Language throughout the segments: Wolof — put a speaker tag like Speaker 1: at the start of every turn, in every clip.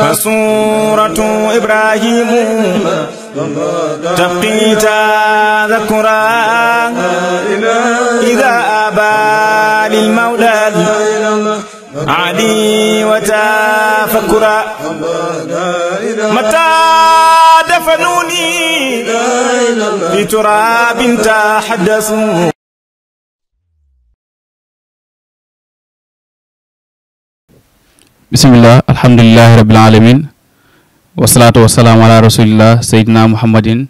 Speaker 1: فسورة إبراهيم تبقيتا ذكرا إذا أبى للمولى علي
Speaker 2: وتفكرا متى دفنوني
Speaker 1: في تراب تحدثوا bisimilah alhamdulilahi rabil alamin wasalaatu wasalaam ala rasulillah sayidina muhammadin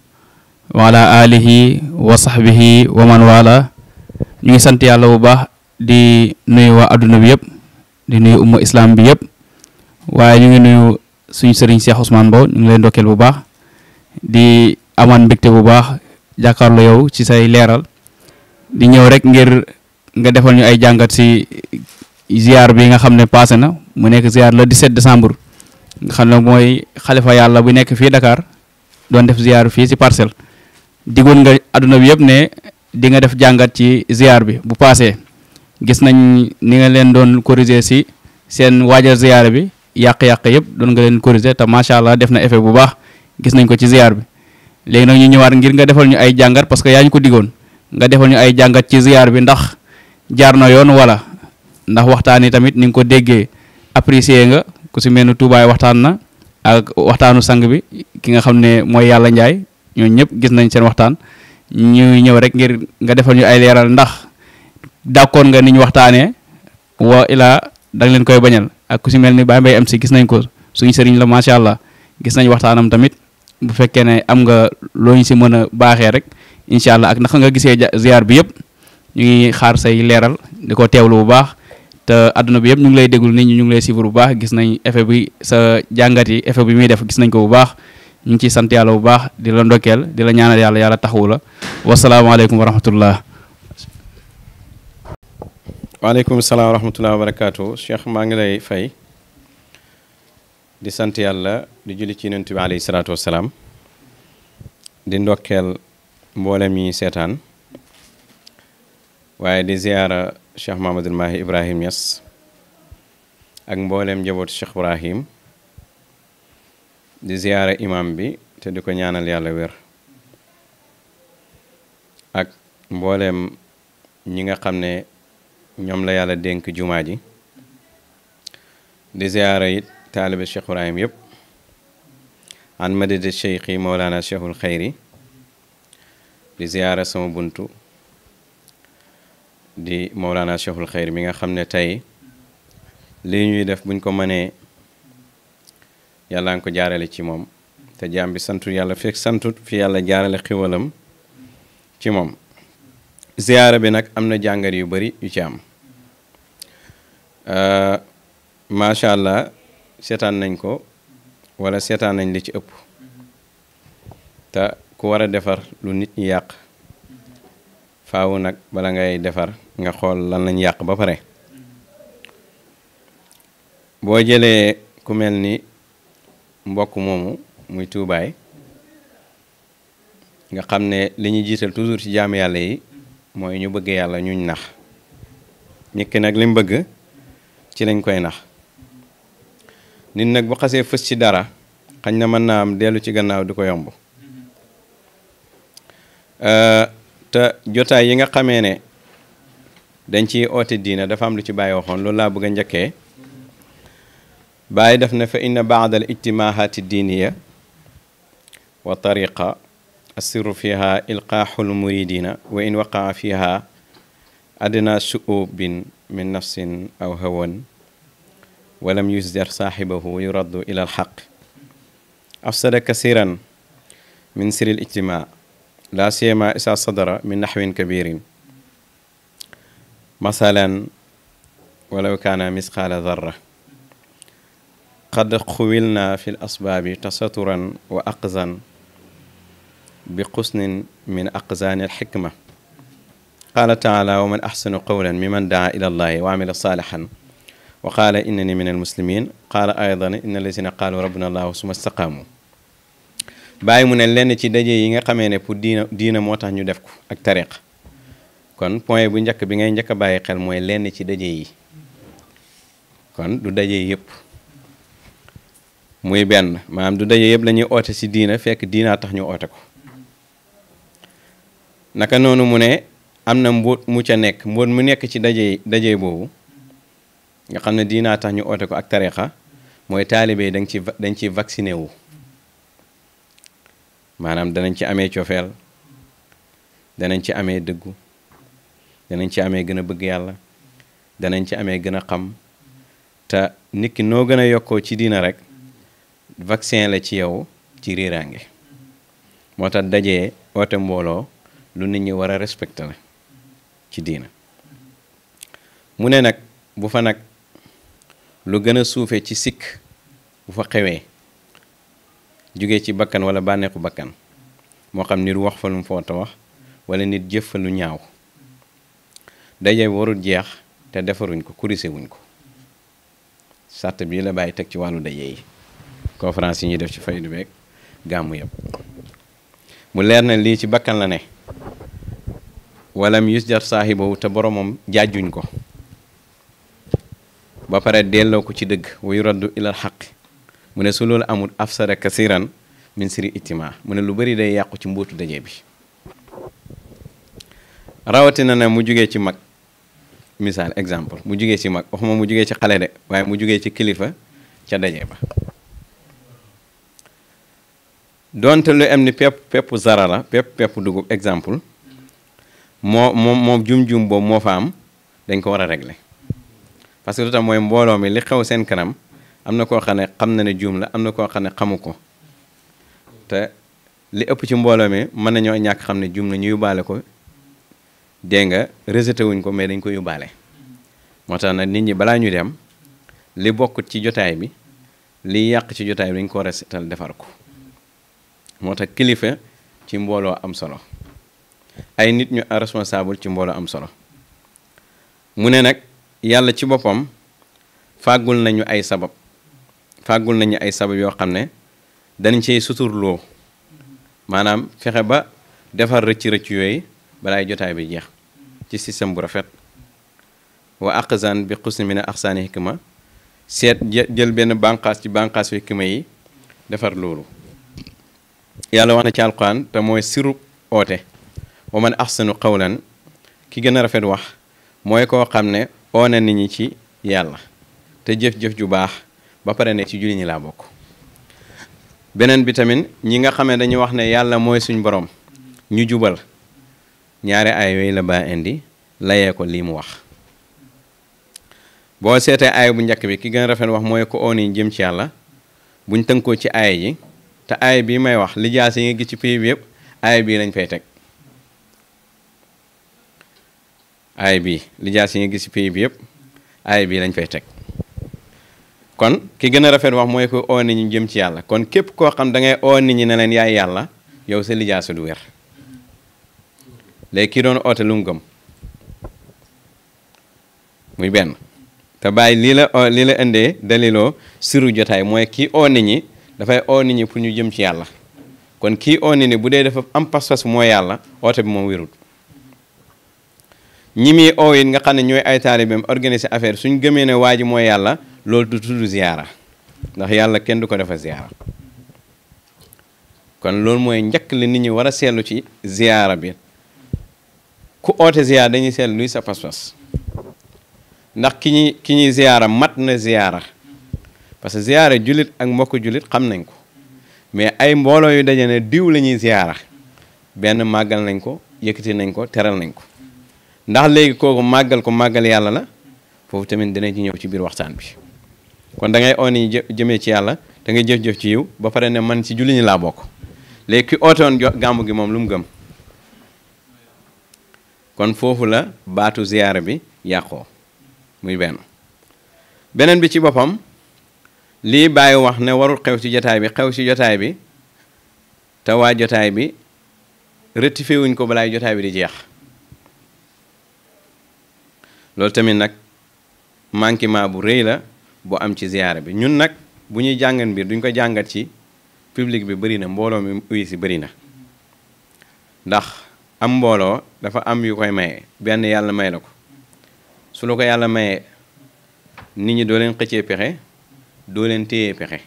Speaker 1: wa ala alihi wa sahbihi wa man wala ñu ngi sant yàlla bu baax di nuyu waa adduna bi yëpp di nuyu umma islam bi yëpp waaye ñu ngi nuyu suñ sëriñ Cheikh Ousmane Mbow ñu ngi lay ndokkeel bu baax di amaan mbégte bu baax jàkkaarloo yow ci say leeral di ñëw rek ngir nga defal ñu ay jàngat si ziar bi nga xam ne passé na mu nekk ziar le 17 set nga xam ne mooy xalifa yàlla bu nekk fii dakaar doon def ziar fii si parcelle digoon nga adduna bi yëpp ne di nga def jàngat ci ziar bi bu paasee gis nañ ni nga leen doon corriger si seen waajal ziar bi yàq-yàq yëpp doon nga leen corriger te macha allah def na effet bu baax nañ ko ci ziar bi léegi nag ñu ñëwaat ngir nga defal ñu ay jàngat parce que yaa ñu ko digoon nga defal ñu ay jàngat ci ziar bi ndax jaar na yoon wala ndax waxtaan yi tamit ni nga ko déggee. apprécier nga ku si mel ni Touba waxtaan na ak waxtaanu sang bi ki nga xam ne mooy yàlla njaay ñooñ ñëpp gis nañ seen waxtaan ñu ñëw rek ngir nga defal ñu ay leeral ndax d'accord nga ni ñu waxtaanee wa ilaa da leen koy bañal ak ku si mel ni Baye Mbaye MC gis nañ ko suñu sëriñ la macha allah gis nañ waxtaanam tamit bu fekkee ne am nga loo ñu si mën a baaxee rek incha allah ak naka nga gisee ziar bi yëpp ñu xaar say leeral di ko teewlu bu baax. te àdduna bi yëpp ñu ngi lay déglu ni ñi ñu ngi lay suivre bu baax gis nañ effet bi sa jàngat yi effet bi muy def gis nañ ko bu baax ñu ngi ciy sant yàlla bu baax di la ndokkeel di la ñaanal yàlla yàlla taxawu la wasalaamaaleykum wa rahmatullah
Speaker 2: waaleykum salaam wa rahmatullah maa ngi lay fay di sant yàlla di julli ci yonent bi di ndokkeel mboolem yi seetaan waaye di ziyaara cheikh Mahamadul Mahi Ibrahim Niass ak mbooleem njabootu cheikh Ibrahim di ziyaare imam bi te di ko ñaanal yàlla wér ak mbooleem ñi nga xam ne ñoom la yàlla dénk jumaa ji di ziyaare it taalibe cheikh Ibrahim yëpp an madade cheikh Mawlana cheikhul xayri di ziyaare sama buntu di Mawlana Cheikhul Xayr mi nga xam ne tey li ñuy def buñ ko mënee yàlla nga ko jaarale ci moom te jaam bi santu yàlla fekk santut fi yàlla jaarale xiwalam ci moom ziyaara bi nag am na jàngat yu bari yu ci am macha allah seetaan nañ ko wala seetaan nañ li ci ëpp te ku war a defar lu nit ñi yàq faaw nag bala ngay defar nga xool lan lañ yàq ba pare boo jëlee ku mel ni mbokk moomu muy tuubaay nga xam ne li ñu jiital toujours ci jaam yàlla yi mooy ñu bëgg yàlla ñuñ nax nit nag li bëgg ci lañ koy nax nit nag bu xasee fës ci dara xañ na mën naa am dellu ci gannaaw du ko yomb. Euh, te jotaay yi nga xamee ne dañ ciy oote diina dafa am lu ci bàyyi waxoon loolu laa bëgg a njëkkee bàyyi def na fa inna baadal ijtimaahaati diiniya wa tariqa assiru fiha ilqaaxul muridina wa waqaa fiha adna suubin min nafsin aw hawan walam yusdar saaxibahu yuraddu ila alxaq afsada kasiran min siril ijtimaa لا سيما إذا صدر من نحو كبير مثلا ولو كان مثقال ذرة قد خولنا في الأسباب تسترا وأقزا بقسن من أقزان الحكمة قال تعالى ومن أحسن قولا ممن دعا إلى الله وعمل صالحا وقال إنني من المسلمين قال أيضا إن الذين قالوا ربنا الله ثم استقاموا bàyyi mu ne lenn ci daje yi nga xamee ne pour diina diina moo tax ñu def ko ak tariq kon point bu njëkk bi ngay njëkk a bàyyi xel mooy lenn ci daje yi kon du daje yëpp muy benn maanaam du daje yëpp lañuy oote ci diina fekk diinaa tax ñu oote ko naka noonu mu ne am na mbóot mu ca nekk mbóot mu nekk ci daje daje boobu nga xam ne diinaa ñu oote ko ak tariqa mooy taalibe dañ ci dañ ci vacciné wu maanaam danañ ci amee cofeel danañ ci amee dëggu danañ ci amee gën a bëgg yàlla danañ ci amee gën a xam te nit ki noo gën a yokkoo ci diina rek vaccin la ci yow ci riiraange moo tax dajee oote mbooloo lu nit ñi war a respecté la ci diina mu ne nag bu fa nag lu gën a suufe ci sikk bu fa xewee jugee ci bakkan wala bànneexu bakkan moo xam nit wax fa lu foota wax wala nit jëf fa lu ñaaw daje warul jeex te defaruñ ko kurise wuñ ko sàrt bii la bàyyi teg ci wàllu daje yi conférence yi ñuy def ci faydu beeg gàmmu yëpp mu leer na lii ci bakkan la ne walam yusjar saahibahu te boromam jaajuñ ko ba pare delloo ko ci dëgg wuyu raddu ilal xaq mu ne su loolu amul afsara kasiran min siri ittima mu ne lu bëri day yàqu ci mbootu daje bi rawatina na mu jugee ci mag misaal exemple mu jugee ci mag waxuma mu jugee ci xale de waaye mu jugee ci kilifa ca daje ba donte lu am ni pepp peppu zara pepp peppu dugub exemple moo moom moom jum-jum boobu moo fa am dañ ko war a régler parce que lu tax mooy mbooloo mi li xew seen kanam am na koo xam ne xam na ne juum la am na koo xam ne xamu ko te li ëpp ci mbooloo mi mën nañoo ñàkk xam ne juum na ñu yóbbaale ko dégg nga rejeté wuñ ko mais dañ ko yóbbaale moo tax nag nit ñi balaa ñu dem li bokkut ci jotaay bi li yàq ci jotaay bi dañ ko resetal defar ko moo tax kilifa ci mbooloo am solo ay nit ñu responsable ci mbooloo am solo mu ne nag yàlla ci boppam fàggul nañu ay sabab fàggul nañu ay sabab yoo xam ne danañ ciy suturloo maanaam fexe ba defar rëcc-rëcc yooyu balaay jotaay bi jeex ci système bu rafet wa aqzan bi xusni mina axsaani hikma seet jël benn bànqaas ci bànqaas hikma yi defar loolu yàlla wax na ci alquran te mooy siru oote wa man axsanu qawlan ki gën a rafet wax mooy koo xam ne oo ni nit ñi ci yàlla te jëf-jëf ju baax ba pare ne ci julli ñi laa bokk beneen bi tamit ñi nga xamee dañu wax ne yàlla mooy suñ borom ñu jubal ñaari ay yooyu la ba indi layee ko lii mu wax boo seetee ay bu njëkk bi ki gën a rafet wax mooy ko oon jëm ci yàlla buñ tënkoo ci ay yi te ay bii may wax li jaas gis ci pays bi yëpp aay bii lañ fay teg aay bi li jaas yi nga gis ci pays bi yëpp aay bii lañ fay teg kon ki gën a rafet wax mooy ko oo nit ñi jëm ci yàlla kon képp koo xam da ngay oo nit ñi ne leen yaay yàlla yow sa lijaasa du wér léegi kii doon oote lu mu gëm muy benn te bàyyi lii la lii la indee daliloo siru jotaay mooy kii oo nit ñi dafay oo ñi pour ñu jëm ci yàlla kon kii oo nit bu dee dafa am pas-pas mooy yàlla oote bi moom wérul ñi muy oo it nga xam ne ñooy ay taalibeem organiser affaire suñ gëmee ne waa ji mooy yàlla loolu du tudd ziyaara ndax yàlla kenn du ko defa ziyaara kon loolu mooy njëkk li nit ñi war a seetlu ci ziyaara bi ku oote ziyaara dañuy seetlu luy sa pas-pas ndax ki ñuy ki ñuy ziyaara mat na ziyaara parce que ziyaara jullit ak mbokk jullit xam nañ ko mais ay mbooloo yu daje ne diw lañuy ñuy ziyaara benn màggal nañ ko yëkkati nañ ko teral nañ ko ndax léegi kooku màggal ko màggal yàlla la foofu tamit dinañ ci ñëw ci biir waxtaan bi kon dangay ngay oon jëmee ci yàlla da ngay jëf-jëf ci yiw ba pare ne man ci julli ñi laa bokk léegi ki oote woon gàmmu gi moom lu mu gëm kon foofu la baatu ziyaara bi yàqoo muy benn beneen bi ci boppam lii bàyyi wax ne warul xew ci jotaay bi xew ci jotaay bi te waa jotaay bi rectifié wuñ ko balaay jotaay bi di jeex loolu tamit nag manquement bu rëy la bu am ci ziyaara bi ñun nag bu ñuy jàngat mbir duñ ko jàngat ci public bi bëri na mbooloo mi uyu si bëri na ndax am mbooloo dafa am yu koy maye benn yàlla may la ko su la ko yàlla mayee nit ñi doo leen xëccee pexe doo leen téyee pexe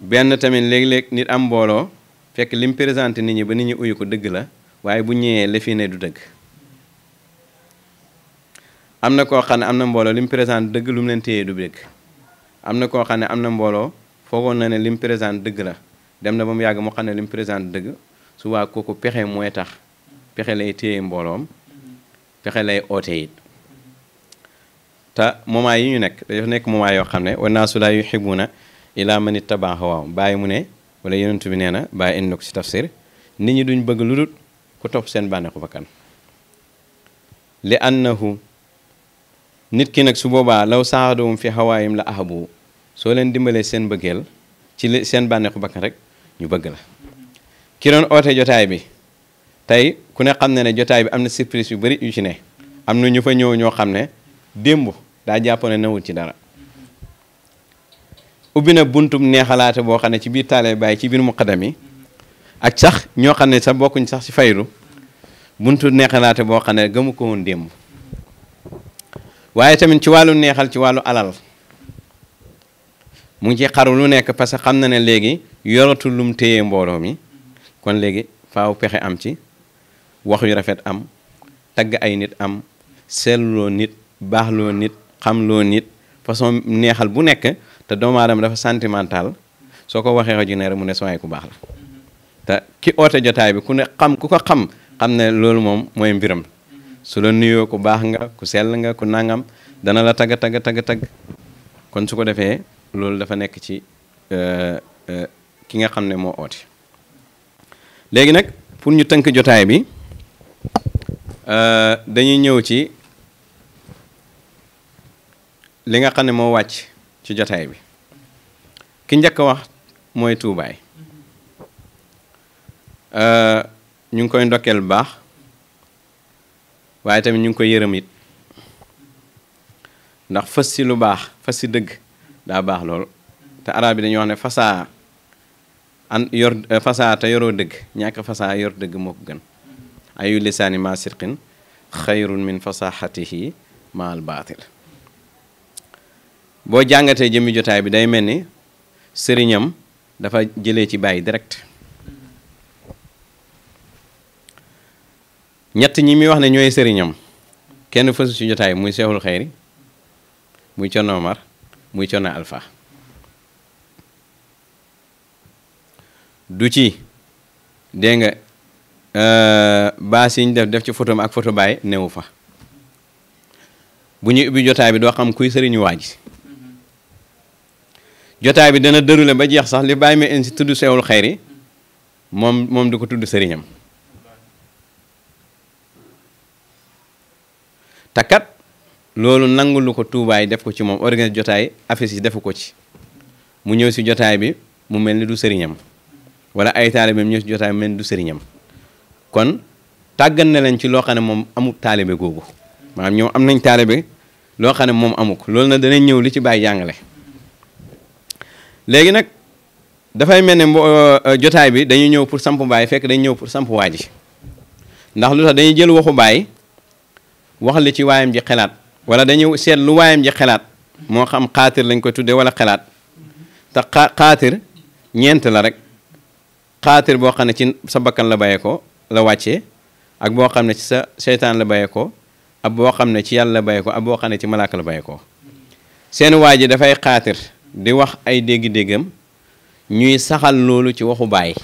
Speaker 2: benn tamit léeg-léeg nit am mbooloo fekk lim présenté nit ñi ba nit ñi uyu ko dëgg la waaye bu ñëwee la fi ne du dëgg am na koo xam ne am na mbooloo li présent dëgg lum mu leen téyee du dëgg am na koo xam ne am na mbooloo foogoon na ne li mu présente dëgg la dem na ba mu yàgg mu xam ne li mu présente dëgg su waa kooku pexee mooy tax pexe lay téye mbooloom pexe lay oote it te moment yi ñu nekk dañoo nekk moment yoo xam ne wa naasu laa yuhibuuna ilaa man ittabaa hawaahum bàyyi mu ne wala yonent bi nee na bàyyi indi na ci tafsir nit ñi duñ bëgg lu dul ku topp seen bànneexu bakkan li annahu nit ki nag su boobaa law saaxadawum fi xawaayim la ahabu soo leen dimbalee seen bëggeel ci li seen bànneexu bakkan rek ñu bëgg la ki doon oote jotaay bi tey ku ne xam ne ne jotaay bi am na surprise yu bari yu ci ne am na ñu fa ñëw ñoo xam ne démb daa jàppoon ne nawul ci dara ubbi na buntu neexalaate boo xam ne ci biir taalee bàyyi ci biir muqaddam mi ak sax ñoo xam ne sax bokkuñ sax ci fayru buntu neexalaate boo xam ne gëmu ko démb waaye tamit ci wàllu neexal ci wàllu alal mu ngi ci lu nekk parce que xam na ne léegi yoratul lum téye mbooloo mi kon léegi faaw pexe am ci wax yu rafet am tagg ay nit am seetloo nit baaxloo nit xam loo nit façon neexal bu nekk te doomu aadama dafa sentimental soo ko waxee ji ne mu ne sooy ku baax la te ki oote jotaay bi ku ne xam ku ko xam xam ne loolu moom mooy mbiram. su la nuyoo ku baax nga ku sell nga ko nangam dana la tagg tagg tagg tagg kon su ko defee loolu dafa nekk ci euh, euh, ki nga xam ne moo oote léegi nag pour ñu tënk jotaay bi euh, dañuy ñëw ci li nga xam ne moo wàcc ci jotaay bi ki njëkk wax mooy tuubaay ñu ngi koy ndokkeel bu baax waaye tamit ñu ngi koy yërëm it ndax fas ci lu baax fas si dëgg daa baax lool te arab bi dañuy wax ne fasaa an yor eh, fasaa te yoroo dëgg ñàkk fasaa yor dëgg moo ko gën ayu lisaani ma sirqin xayrun min fasaxatihi ma al boo jàngatee jëmmi jotaay bi day mel ni sëriñam dafa jëlee ci bàyyi direct ñett ñi muy wax ne ñooy sëriñam kenn fësu ci jotaay muy seexul xeyri muy Cerno Omar muy Cerno Alfa du ci dégg nga euh, baas yi ñu def def ci photo ak photo baay newu fa bu ñuy ubbi jotaay bi doo xam kuy sëriñu waa ji jotaay bi dana déroulé ba jeex sax li bàyyi ma si tudd sewul xayri moom moom du ko tudd sëriñam kat loolu nangu lu ko tuubaay def ko ci moom organise jotaay affaire yi defu ko ci mu ñëw si jotaay bi mu mel ni du sëriñam wala ay taalibeem ñëw si jotaay mu mel ni du sëriñam kon tàggan na leen ci loo xam ne moom amul taalibe googu maanaam ñoom am nañ taalibe loo xam ne moom amuk loolu nag danañ ñëw li ci bàyyi jàngale léegi nag dafay mel ne euh, jotaay bi dañuy ñëw pour samp baay fekk dañuy ñëw pour samp waa ji ndax lu tax dañuy jël waxu baay wax li ci waayam ji xelaat wala dañuy seet lu waayam ji xelaat moo xam xaatir lañ ko tuddee wala xelaat te xaatir ñeent la rek xaatir boo xam ne ci sa bakkan la bayee ko la wàccee ak boo xam ne ci sa seytaan la ko ab boo xam ne ci yàlla la bayee ab boo xam ne ci malaaka la bayee seeni seen waa ji dafay xaatir di wax ay dégg-déggam ñuy saxal loolu ci waxu baay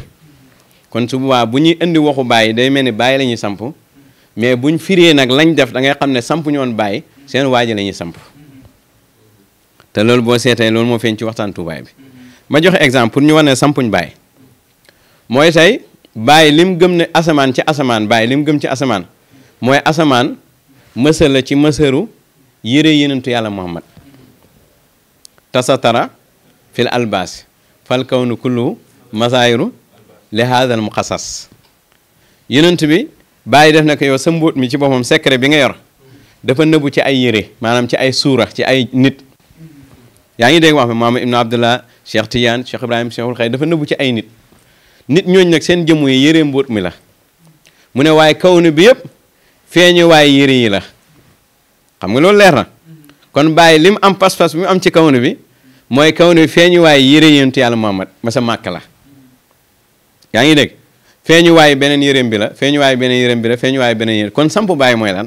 Speaker 2: kon su boobaa bu ñuy indi waxu baay day mel ni bàyyi lañuy ñuy samp mais buñ firee nag lañ def da ngay xam ne samp ñoon bàyyi seen waaji la ñuy samp te loolu boo seetee loolu moo feeñ ci waxtaan tuubaay bi ma joxe exemple pour ñu wane ne sampuñ bàyyi mooy tey bàyyi lim gëm ne asamaan ci asamaan bàyyi lim gëm ci asamaan mooy asamaan mësër la ci mësëru yére yenentu yàlla muhammad tasatara fil albaasi fal kawnu kullu masaayiru li haadal muqasas yenent bi bàyyi def nak yow sa mbóot mi ci bopam secret bi nga yor dafa neubu ci ay yére manam ci ay suura ci ay nit yaangi deg wax maama ibnu abdullah cheikh tiyan cheikh ibrahim cheikhul khay dafa neubu ci ay nit nit ñooñ nak seen jëmm yi yére mbot mi la mu ne waaye kaw bi yeb feñu way yére yi la xam nga lool leer na kon bàyyi lim am pass pass bi am ci kawnu bi moy kawnu feñu way yére yéntu yàlla muhammad ma sa makka la yaangi deg feeñu waayu beneen yërëm bi la feeñu waayu beneen yërëm bi la feeñu waayu beneen yërëm kon samp bàyyi mooy lan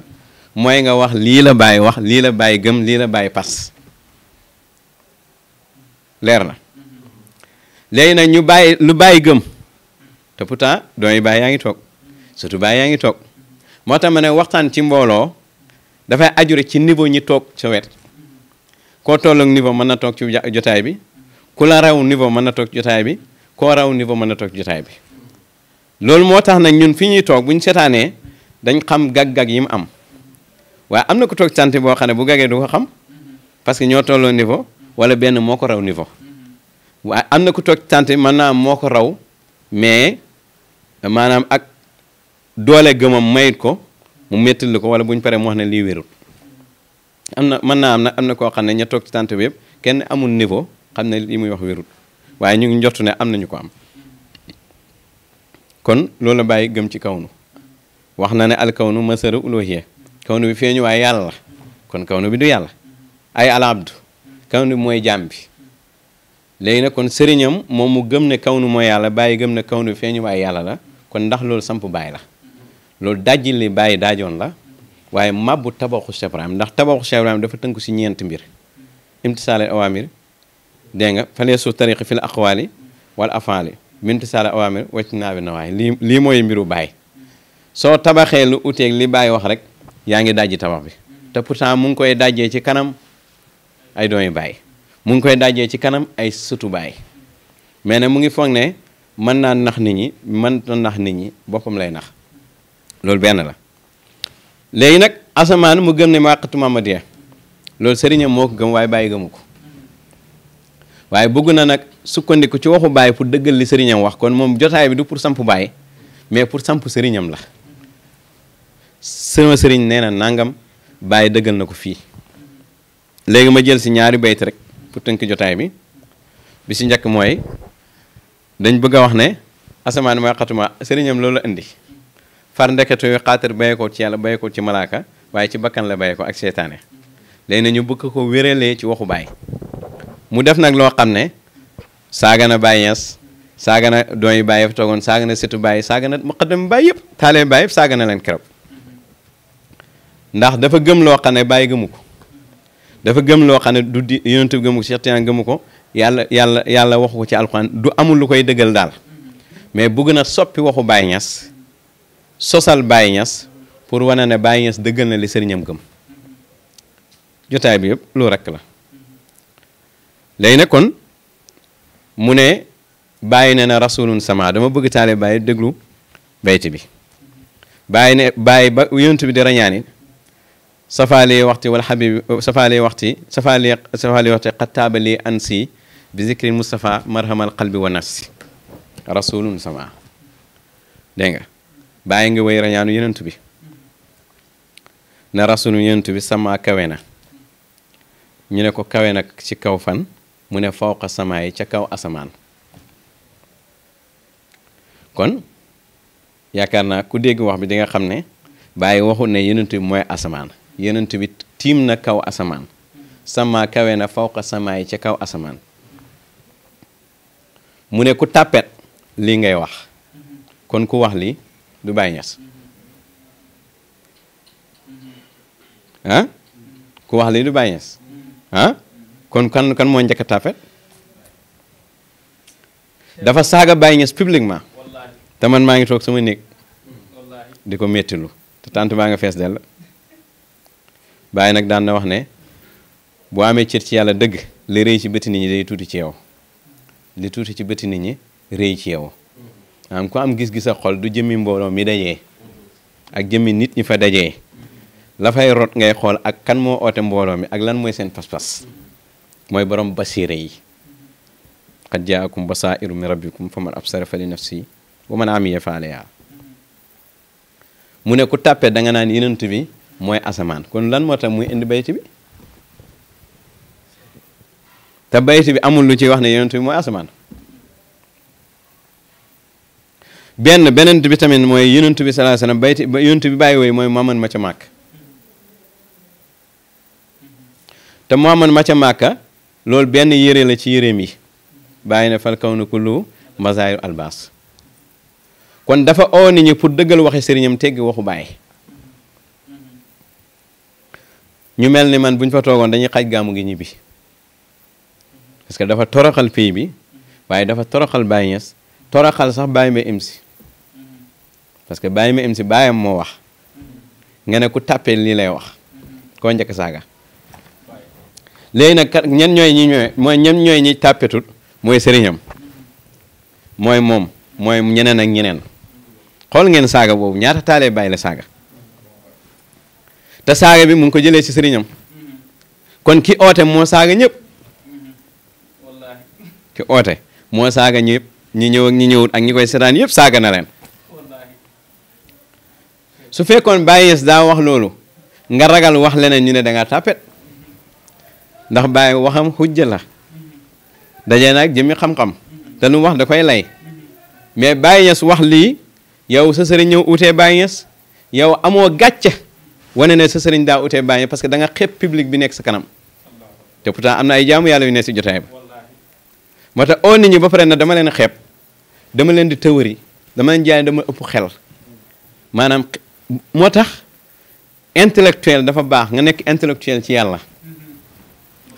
Speaker 2: mooy nga wax lii la bàyyi wax lii la bàyyi gëm lii la bàyyi pas leer na léegi nag ñu bàyyi lu bàyyi gëm te pourtant doomi bàyyi yaa ngi toog surtout bàyyi yaa ngi toog moo tax ma ne waxtaan ci mbooloo dafay aju rek ci niveau ñi toog sa wet koo toll ak niveau mën na toog ci jotaay bi ku la raw niveau mën na toog jotaay bi koo raw niveau mën na toog jotaay bi loolu moo tax nañ ñun fi ñuy toog bu ñu seetaanee dañ xam gag-gag yi mu am waaye am na ku toog sant boo xam ne bu gaggee du ko xam parce que ñoo tolloo niveau wala benn moo ko raw niveau waaye am na ku toog sant naa moo ko raw mais maanaam ak doole gëmam mayit ko mu méttil ko wala bu paree mu wax lii wérul am na mën naa am am na koo xam ne ña toog ci tànt bi yëpp kenn amul niveau xam ne li muy wax wérul waaye ñu ngi njortu ne am nañu ko am kon loolu la bàyyi gëm ci kaw nu wax na ne alkawnu masara ulohiya kawnu bi feeñu waaye yàlla la kon kawnu bi du yàlla ay alabdu kawnu bi mooy jaam bi léegi nag kon sëriñam moom mu gëm ne kawnu mooy yàlla bàyyi gëm ne kawnu bi feeñu waaye yàlla la kon ndax loolu samp bàyyi la loolu dajji li bàyyi daajoon la waaye màbbu tabaxu Cheikh ndax tabaxu Cheikh dafa tënku si ñeent mbir imtisaale awamir dégg nga falee suuf tariqi fil aqwaali wal afaali minti sala awamir wacc naa bi na waaye lii lii mooy mbiru baay soo tabaxee lu uteeg li bàyyi wax rek yaa ngi dajji tabax bi te pourtant mu ngi koy dajjee ci kanam ay doomi baay mu ngi koy dajjee ci kanam ay sutu baay mais ne mu ngi foog ne mën naa nax nit ñi mën na nax nit ñi boppam lay nax loolu benn la léegi nag asamaan mu gëm ne maa xatuma ma dee loolu sëriñam moo ko gëm waaye bàyyi gëmu ko waaye bëgg na nag sukkandiku ci waxu Baye pour dëggal li sëriñam wax kon moom jotaay bi du pour samp Baye mais pour samp sëriñam la sama sëriñ nee na nangam Baye dëggal na ko fii léegi ma jël si ñaari bayt rek pour tënk jotaay bi bi si njëkk mooy dañ bëgg a wax ne asamaan mooy xatuma sëriñam loolu indi far ndeketu yu xaatar baye ko ci yàlla baye ci malaaka waaye ci bakkan la baye ko ak seetaane léegi na ñu bëgg ko wéralee ci waxu Baye mu def nag loo xam ne saaga na Baye Niass saaga na doomi Baye yëpp toogoon saaga na sëtu Baye saaga na muqaddam Baye yëpp taalee Baye yëpp saaga na leen keroog ndax dafa gëm loo xam ne Baye gëmu ko dafa gëm loo xam ne du di gëmu ko gëmu ko yàlla yàlla yàlla waxu ci alxuraan du amul lu koy dëggal daal mais bëgg na soppi waxu Baye ñas sosal Baye Niass pour wane ne Baye Niass dëggal na li sëriñam gëm jotaay bi yëpp lu rekk la léegi nag kon mu ne bàyyi na na rasulun sama dama bëgg taale bàyyi déglu bayti bi bàyyi ne bàyyi ba yontu bi di rañaani safaali waxti wal xabib safaali waxti safaali safaali waxti xattaabali ansi bi zikri Mustafa marhamal qalbi wa nafsi rasulun sama dégg nga bàyyi nga way rañaanu yonent bi na rasulun yonent bi sama kawe na ñu ne ko kawe nag ci kaw fan mu ne fawqa samaa yi ca kaw asamaan kon yaakaar naa ku dégg wax bi di nga xam ne bàyyi waxu ne yenent bi mooy asamaan yenent bi tiim na kaw asamaan sama kawe na fawqa samaa yi ca kaw asamaan mu ne ku tàppet lii ngay wax kon ku wax lii du Baay Ñas ah ku wax lii du Baay kon kan kan moo njëkk a tapé dafa saaga Baye Niass publiquement te man maa ngi toog sama néeg di ko méttilu te tant baa nga fees dell Baye nag daan na wax ne boo amee cër ci yàlla dëgg li rëy ci bëti nit ñi day tuuti ci yow li tuuti ci bëti nit ñi rëy ci yow maanaam ku am gis-gis a xol du jëmmi mbooloo mi dajee ak jëmmi nit ñi fa dajee la fay rot ngay xool ak kan moo oote mbooloo mi ak lan mooy seen pas-pas mooy borom basiire yi xad jaakum basairu min rabbikum fa man absara fa li nafsi wa man amiya fa alayha mu ne ku tàppee da nga naan yenent bi mooy asamaan kon lan moo tax muy indi bayt bi te bayt bi amul lu ciy wax ne yenent bi mooy asamaan benn benent bi tamit mooy yenent bi salaa salaam bayt yenent bi bàyyi wooyu mooy maaman ma ca màkk te maaman ma ca màkka loolu benn yére la ci yéreem yi bàyyi na fal kaw na kullu mazaayu albaas kon dafa oo nit ñi pour dëggal waxi sëriñam tegg waxu bàyyi ñu mel ni man buñ ñu fa toogoon dañuy xaj gàmmu gi ñibbi parce que dafa toroxal pays bi waaye dafa toroxal Baye Niass toroxal sax Baye ma em si parce que Baye ma em si baayam moo wax nga ne ku tàppee lii lay wax koo njëkk saaga léegi nag kat ñen ñooy ñi ñooy mooy ñen ñooy ñi tàppetut mooy sëriñam mooy moom mooy ñeneen ak ñeneen xool ngeen saaga boobu ñaata taalee bàyyi la saaga te saaga bi mu ko jëlee si sëriñam kon ki oote moo saaga ñëpp ki oote moo saaga ñëpp ñi ñëw ak ñi ñëwut ak ñi koy seetaan yëpp saaga na leen su fekkoon bàyyi yes daa wax loolu nga ragal wax leneen ñu ne da nga ndax baye waxam hujja la dajé nak jëmi xam-xam té lu wax da koy lay mais Baye Niass wax li yow sa sëriñ ñëw utee Baye Niass yow amo gàcce wane né sa sëriñ da utee Baye parce que da nga xép public bi nek sa kanam té pourtant amna ay jaamu yalla yu né si jotay ba mata tax nit ñi ba na dama leen xép dama leen di teuri dama leen jaay dama ëpp xel manam motax intellectuel dafa bax nga nek intellectuel ci yalla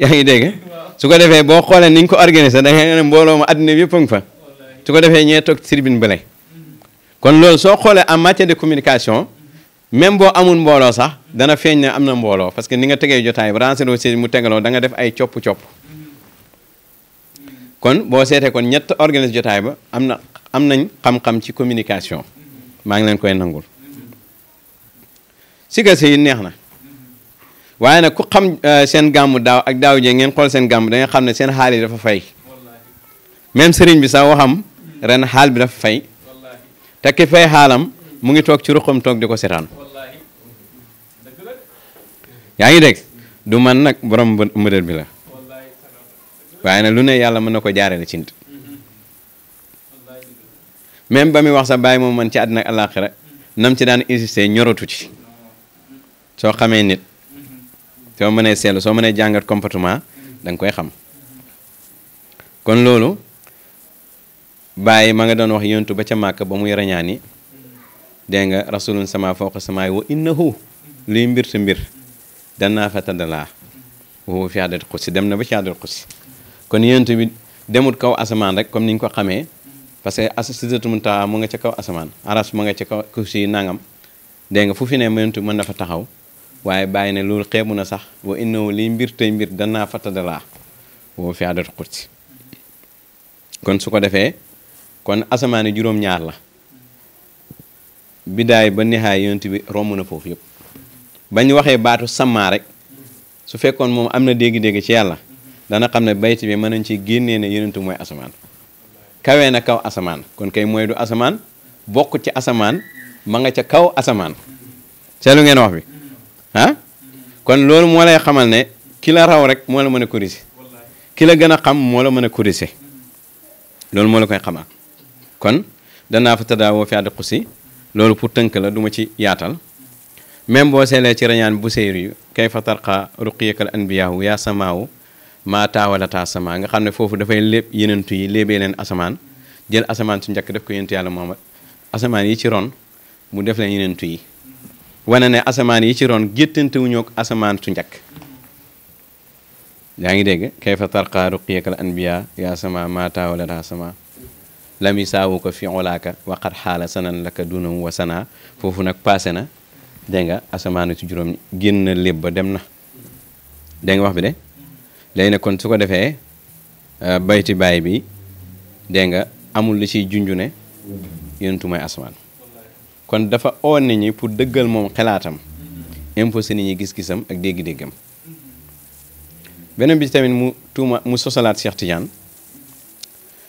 Speaker 2: yaa ngi dégg su ko defee boo xoolee ni ko organisé da ngay ne mbooloo ma adduna bi fa su ko defee ñee toog tribune bële kon loolu soo xoolee en matière de communication même boo amul mbooloo sax dana feeñ ne am na mbooloo parce que ni nga tegee jotaay renseigné aussi mu tegaloo da nga def ay copp-copp boo seetee kon ñett organise jotaay ba am na am nañ xam ci communication maa ngi leen koy nangul si ga si neex na waaye nag ku xam euh, seen gàmm daaw ak daaw jee ngeen xool seen gàmm da xam ne seen xaal yi dafa fay même sëriñ bi sax waxam ren xaal bi dafa fay te fay xaalam mu ngi toog ci ruqam toog di ko setaan yaa ngi dégg du man nag borom mbëdër bi la waaye nag lu ne yàlla mën na ko jaarale ci nit mm-hmm. même ba muy wax sa bàyyi moom man ci àddina ak àllaaxira nam ci daan existé ñorotu ci soo xamee nit soo mënee seetlu soo mënee jàngat comportement danga koy xam kon loolu bàyyi ma nga doon wax yontu ba ca màkk ba muy ni dégg nga rasulun sama fawqa samaay wa innahu luy mbir te mbir danaa fa tadalaa woo fi àddat xussi dem na ba ci àddat xussi kon yontu bi demut kaw asamaan rek comme ni ñu ko xamee parce que as sidratu muntaha mu nga ca kaw asamaan aras mu nga ca kaw kursi nangam dégg nga fu fi ne yontu mën na fa taxaw waaye bàyyi na loolu xeebu na sax wa innahu liy mbir tey mbir danaa fattadalaa woo fi àddatu xutsi kon su ko defee kon asamaani juróom-ñaar la biddaay ba nixaay yonent bi romb na foofu yëpp bañ waxee baatu samaa rek su fekkoon moom am na dégg-dégg ci yàlla dana xam ne bayt bi mën nañ ci génnee ne yonent mooy asamaan kawee na kaw asamaan kon kay mooy du asamaan bokk ci asamaan ma nga ca kaw asamaan seetlu ngeen wax bi ah kon loolu moo lay xamal ne kila raw rek moo la mën a corriger ki la gën a xam moo la mën a corriger loolu moo la koy xamal kon danaa fa tadaawoo fi àddi xusi loolu pour tënk la du ma ci yaatal même boo seelee ci rañaan bu séyri yu kay fa tarqa ruqiyakal anbiyaahu yaa samaawu maa taawala taa samaa nga xam ne foofu dafay léeb yenentu yi léebee leen asamaan jël asamaan su njëkk def ko yenentu yàlla Muhammad asamaan yi ci ron mu def leen yenentu yi wane ne asamaan yi ci roon géttantewuñoo ak asamaan su njëkk yaa ngi dégg kayfa tarqaa ruqiyakal anbiya yaa sama maata wala taa sama lami saawu ko fi olaaka waqat xaala sanan laka dunam wa sanaa foofu nag passé na dégg asamaan su juróom génn lépp ba dem na dégg wax bi de léegi nag kon su ko defee euh, bayti baay bi denga amul lu ciy junjune ne asamaan kon dafa oo nit ñi pour dëggal moom xalaatam imposé nit ñi gis-gisam ak dégg-déggam beneen bi tamit mu tuuma mu sosalaat Cheikh Tidiane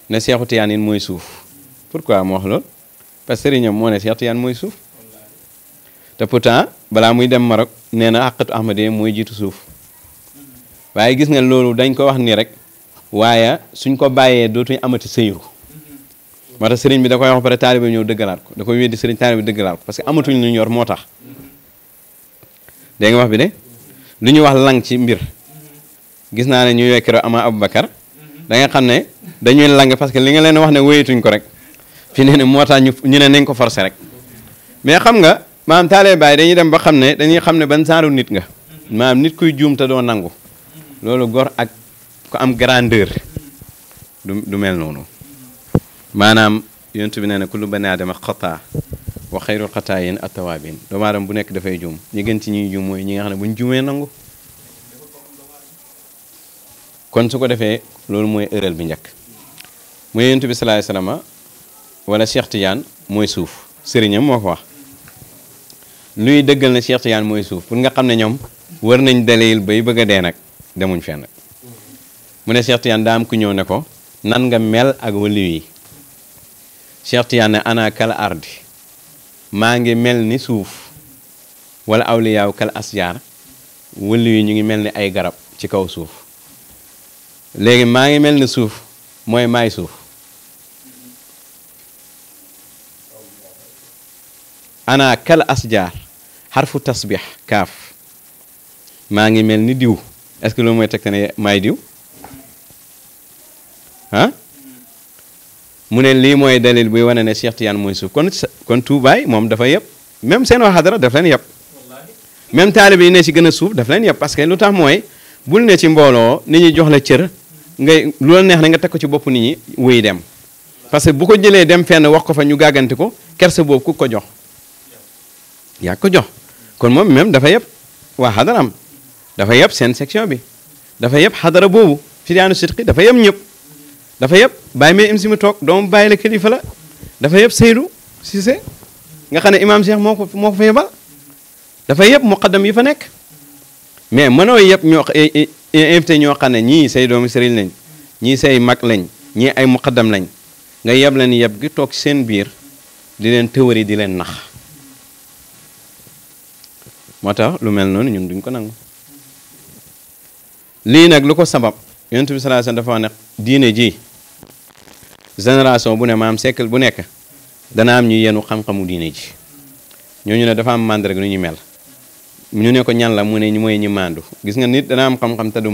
Speaker 2: ne Cheikhu Tidiane mooy suuf pour quoi mu wax loolu parce que sëriñam moo ne Cheikh Tidiane mooy suuf te temps balaa muy dem Maroc nee na àqatu Ahmadiyya mooy jiitu suuf waaye gis nga loolu dañ ko wax nii rek waaye suñ ko bàyyee dootuñ amati sëyru moo tax sëriñ bi da koy wax pare taalibe ñëw dëggalaat ko da koy weddi sëriñ taalibe dëggalaat ko parce que amatuñ lu ñu yor moo tax wax bi de lu ñu wax lang ci mbir gis naa ne ñu wekkiro amaa Aboubacar da nga xam ne dañuy lang parce que li nga leen wax ne wéyatuñ ko rek fi nee ne moo tax ñu ñu ne nañ ko forcer rek mais xam nga maanaam taalibe dañuy dem ba xam ne dañuy xam ne ban saaru nit nga maanaam nit kuy juum te doo nangu loolu gor ak ku am grandeur du du mel noonu manam yonent bi neena kullu bani adama khata wa xayrul xataayin attawaabin do maram bu nek da fay juum ñi gën ci ñi juum moy ñi nga xamne buñ bu nangu kon su ko defé lool moy eurel bi njëkk mooy yonent bi sallallahu alayhi wasallam wala Cheikh Tidiane moy souf sëriñam moo ko wax luy dëggal na Cheikh Tidiane moy souf pour nga xamne ñom wër nañ dalil bay bëgg dé nak demuñ fenn mu ne Cheikh Tidiane da am ku ñëw ne ko nan nga mel ak waliyu yi Cheikh Tidiane ne ana kal ardi maa ngi mel ni suuf walla awliyaaw kal asjaar wëllu yi ñu ngi mel ni ay garab ci kaw suuf léegi maa ngi mel ni suuf mooy may suuf ana kal asjaar xarfu tasbix kaaf maa ngi mel ni diw est que loolu mooy tegte ne maay diw mu ne lii mooy dalil buy wane ne Cheikh Tidiane mooy suuf kon kon Touba moom dafa yëpp même seen waa xadara daf leen yëpp même taalibe yi ne ci gën a suuf daf leen yëpp parce que lu tax mooy bul ne ci mbooloo nit ñi jox la cër ngay lu la neex na nga teg ko ci bopp nit ñi wuy dem parce que bu ko jëlee dem fenn wax ko fa ñu gàggante ko kersa boobu ku ko jox yaa ko jox kon moom même dafa yëpp waa xadaram dafa yëpp seen section bi dafa yëpp xadara boobu Tidiane Sidqi dafa yëpp ñëpp dafa yëpp bàyyi may im si mu toog doomu bàyyi la kilifa la dafa yëpp Seydou Cissé nga xam ne imaam Cheikh moo ko moo ko fa yebal dafa yëpp muqaddam yi fa nekk mais mënoo yëpp ñoo ñoo xam ne ñii say doomu sëriñ lañ ñii say mag lañ ñii ay muqaddam lañ nga yeb leen yeb gi toog seen biir di leen tëwëri di leen nax moo tax lu mel noonu ñun duñ ko nangu lii nag lu ko sabab yonent bi sallallahu alayhi dafa wax ne diine ji génération bu ne maam siècle bu nekk dana am ñu yenu xam-xamu diine ji ñooñu ne dafa am màndarga ñu mel ñu ne ko ñan la mu ne ñu mooy gis nga nit dana am xam-xam te du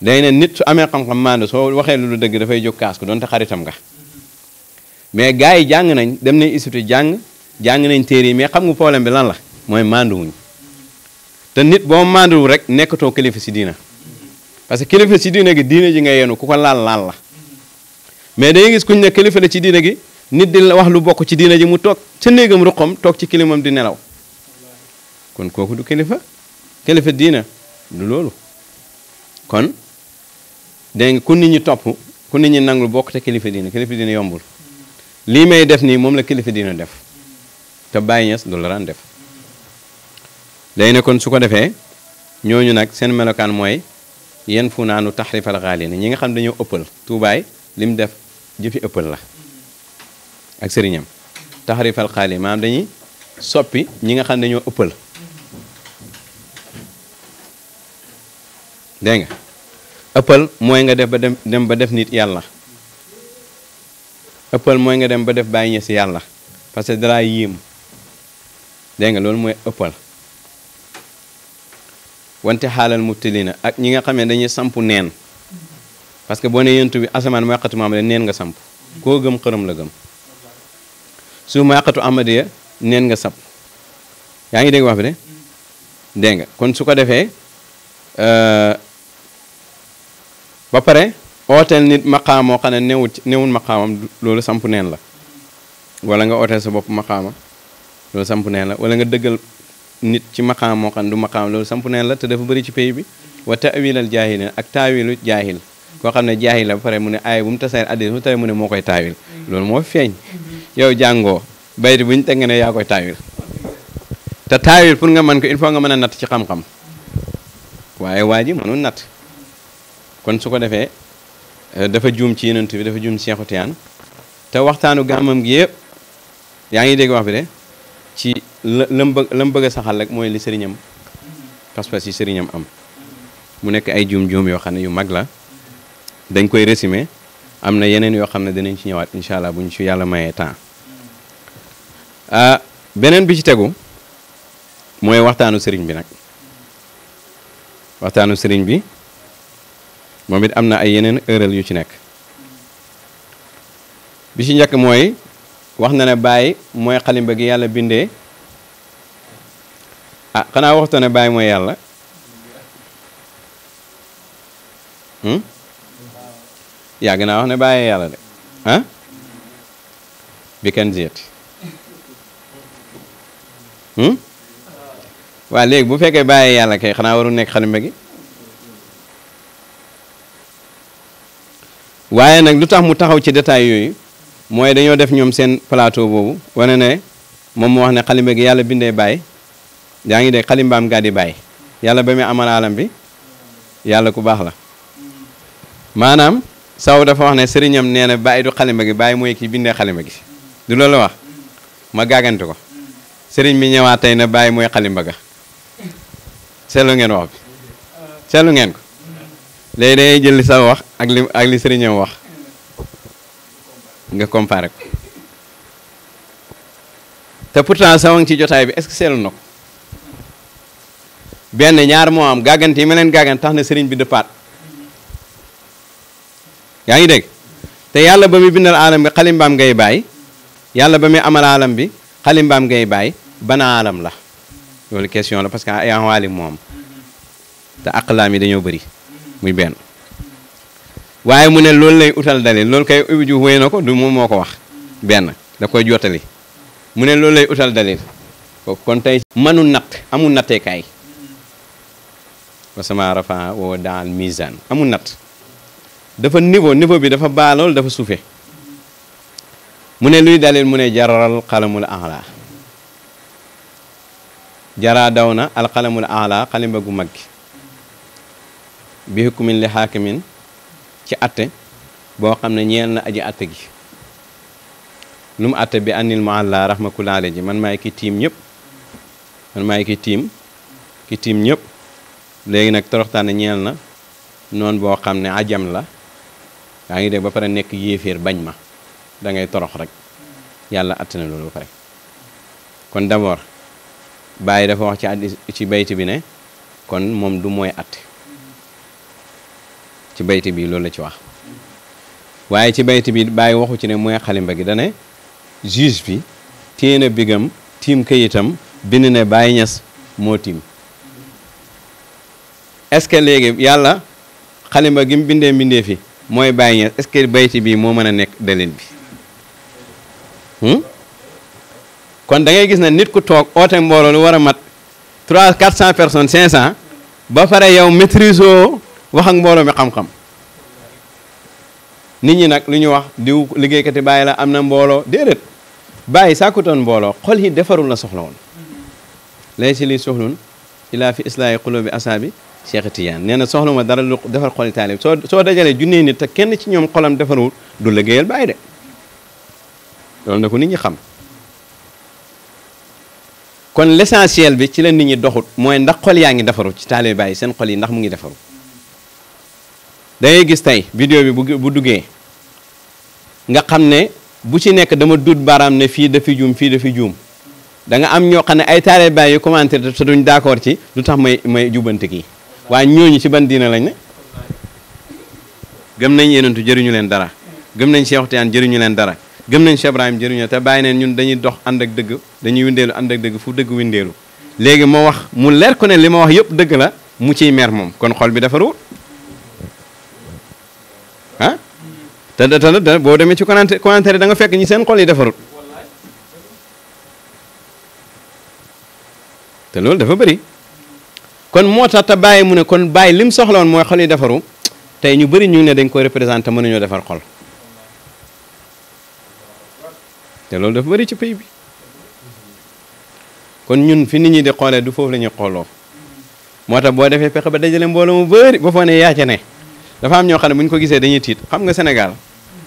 Speaker 2: day ne nit su amee xam-xam màndu soo waxee lu dëgg dafay jóg kaas ko donte xaritam nga mais gars yi jàng nañ dem nañ institut jàng jàng nañ téere mais xam nga problème bi lan la te nit boo mandu rek nekkatoo kilifa si diina parce que kilifa si gi ji nga yenu ku laal laal la mais dañuy gis kuñ ne kilifa la ci diina gi nit di la wax lu bokk ci diina ji mu toog ca néegam ruqam toog ci kilimam di nelaw kon kooku du kilifa kilifa diina du loolu kon dégg nga ku ni ñi topp ku nit ñi nangul bokk te kilifa diina kilifa diina yombul lii may def nii moom la kilifa diina def te Baye Niass du la daan def léegi ne kon su ko defee ñooñu nag seen melokaan mooy yenn fu naanu taxrifal xaali na ñi nga xam dañoo ëppal tuubaay li mu def jëfi ëppal la ak sëriñam al xaali maam dañuy soppi ñi nga xamne ñoo ëppal dégg nga ëppal moy nga def ba dem ba def nit yalla. ëppal moy nga dem ba def bàyyi ci yalla parce que dara yim dégg nga loolu ëppal wante halal mutilina ak ñi nga xamne dañuy sampu neen parce que boo ne yonent bi asamaan mu yàqatu maam neen nga samp koo gëm xërëm la gëm suuf mu yàqatu amadiya neen nga samp yaa ngi dégg wax bi de dégg nga kon su ko defee euh, ba pare ooteel nit maqaam moo xam ne newul newul maqaamam loolu samp neen la wala nga ooteel sa bopp maqaama loolu samp neen la wala nga dëggal nit ci maqaam moo xam du maqaam loolu samp neen la te dafa bëri ci pays bi wa tawilal jaahilin ak taawilu jaahil koo xam ne jaahil la ba pare mu ne aay bu mu tasaare addis bu mu ne moo koy taawil loolu moo feeñ yow jàngoo bayit bu ñu teg nga ne yaa koy taawil te taawil pour nga mën ko il faut nga mën a natt ci xam-xam waaye waa ji mënul natt kon su ko defee euh, dafa juum ci yenant bi dafa juum ci Seexu Tijaan te waxtaanu gàmmam gi yëpp yaa ngi dégg wax bi de ci lam bë lam bëgg a saxal rek mooy li sëriñam pas-pas yi sëriñam am mu nekk ay juum-juum yoo xam ne yu mag la dañ koy résumer am na yeneen yoo xam ne danañ ci ñëwaat incha allah bu ñu ci yàlla mayee temps ah beneen bi ci tegu mooy waxtaanu sëriñ bi nag waxtaanu sëriñ bi moom it am na ay yeneen heurel yu ci nekk bi ci njëkk mooy wax na ne bàyyi mooy xalimba gi yàlla bindee ah xanaa waxtu ne bàyyi mooy yàlla. Hmm? yàgg naa wax ne bàyyi yàlla de ah bi kan ziyati hmm? léegi bu fekkee bàyyi yàlla kay xanaa waru nekk xalima waaye nag lu tax mu taxaw ci détail yooyu mooy dañoo def ñoom seen plateau boobu wane ne moom mu wax ne xalima yàlla bindee bàyyi yaa ngi dégg xalimbaam gaa bàyyi yàlla ba muy amal alam bi yàlla ku baax la maanaam saw dafa wax ne sëriñam nee na bàyyi du xalima gi bàyyi mooy kii bindee xalima gi du loolu wax ma gàggante ko sëriñ bi ñëwaat tey na bàyyi mooy xalima ga seetlu ngeen wax bi seetlu ngeen ko léegi dangay jël li sa wax ak li ak wax nga comparé ko te pourtant sawa ci jotaay bi est-ce que na ko benn ñaar moo am gàggante yi ma leen gàggante tax na sëriñ bi dëppaat yaa ngi dégg te yàlla ba muy bindal aalam bi xalimbaam ngay bàyyi yàlla ba muy amal aalam bi xalimbaam ngay bàyyi bana aalam la loolu question la parce que ay awaali moom te aqlaam yi dañoo bëri muy benn waaye mu ne loolu lay utal dalil loolu kay ubiju wéy na ko du moom moo ko wax benn da koy jottali mu ne loolu lay utal dalil kooku kon tey mënu natt amul natteekaay wa sama rafa wa daal mizan amul natt dafa niveau niveau bi dafa balol dafa suufe mune luy dalel mune jaral qalamul ala jara dawna al qalamul ala qalima gu mag bi hukumin li hakimin ci atte bo xamné ne ñeel na aji atte gi num atte bi anil mualla rahmakullaale ji man may ki tim ñep man may ki tim ki tim ñep léegi nak toroxtaane ñeel na non bo xamné ajam la yaa ngi dégg ba pare nekk yéeféer bañ ma da ngay torox rek yàlla àtt na loolu ba pare kon d'abord bàyyi dafa wax ci hadiis ci bayti bi ne kon moom du mooy àtt ci bayti bi loolu la ci wax waaye ci bayti bi bàyyi waxu ci ne mooy xalimba gi dane juge bi téye na bigam tiim këyitam bind ne bàyyi ñas moo tiim est-ce que léegi yàlla xalimba gi mu bindee mbindee fi mooy bàyyi Niass est bayti bii moo mën a nekk dalil bi hmm? kon dangay gis na nit ku toog oote mbooloo lu war a mat trois quatre cent personnes cinq cent ba pare yow maîtrise wax ak mbooloo mi xam-xam nit ñi nag lu ñu wax diw liggéeykati bàyyi la am na mbooloo déedéet Baye sàkkutoon mbooloo xol yi defarul la soxla woon lay si liy soxlun ilaa fi islaahi qulubi asaabi Cheikh Tidiane nee na soxluma dara lu defar xoli taalib soo soo dajalee junnee nit te kenn ci ñoom xolam defarul du liggéeyal bàyyi de loolu na ko nit ñi xam kon l'essentiel bi ci la nit ñi doxut mooy ndax xol yaa ngi defaru ci taalib bàyyi seen xol yi ndax mu ngi defaru da ngay gis tey vidéo bi bu bu duggee nga xam ne bu ci nekk dama dut baaraam ne fii dafi juum fii dafi juum da nga am ñoo xam ne ay taalib bàyyi yu commentaire te duñ d'accord ci lu tax may may jubante kii waa ñooñu ci ban diina lañ ne gëm nañ yenentu jëriñu leen dara gëm nañ Cheikh tian jëriñu leen dara gëm nañ Cheikh Ibrahim jëriñu te bàyyi neen ñun dañuy dox and ak dëgg dañuy windeelu and ak dëgg fu dëgg windeelu légui mo wax mu leer ko ne lima wax yëpp dëgg la mu ciy mer moom kon xol bi dafa ruur ah ta ta te boo demee ci commentaire commentaire da nga fekk ñi seen xol yi defarut te lool dafa bari kon moo tax te bàyyi mu ne kon bàyyi lim soxla woon mooy xol yi defaru tey ñu bëri ñu ne dañ koy représenté mënuñoo defar xol te loolu dafa bari ci pays bi kon ñun fi ni ñi di xoolee du foofu la ñuy xooloo moo tax boo defee pexe ba dajale mbooloo mu bëri ba foo ne yaa ca ne dafa am ñoo xam ne bu ñu ko gisee dañuy tiit xam nga senegal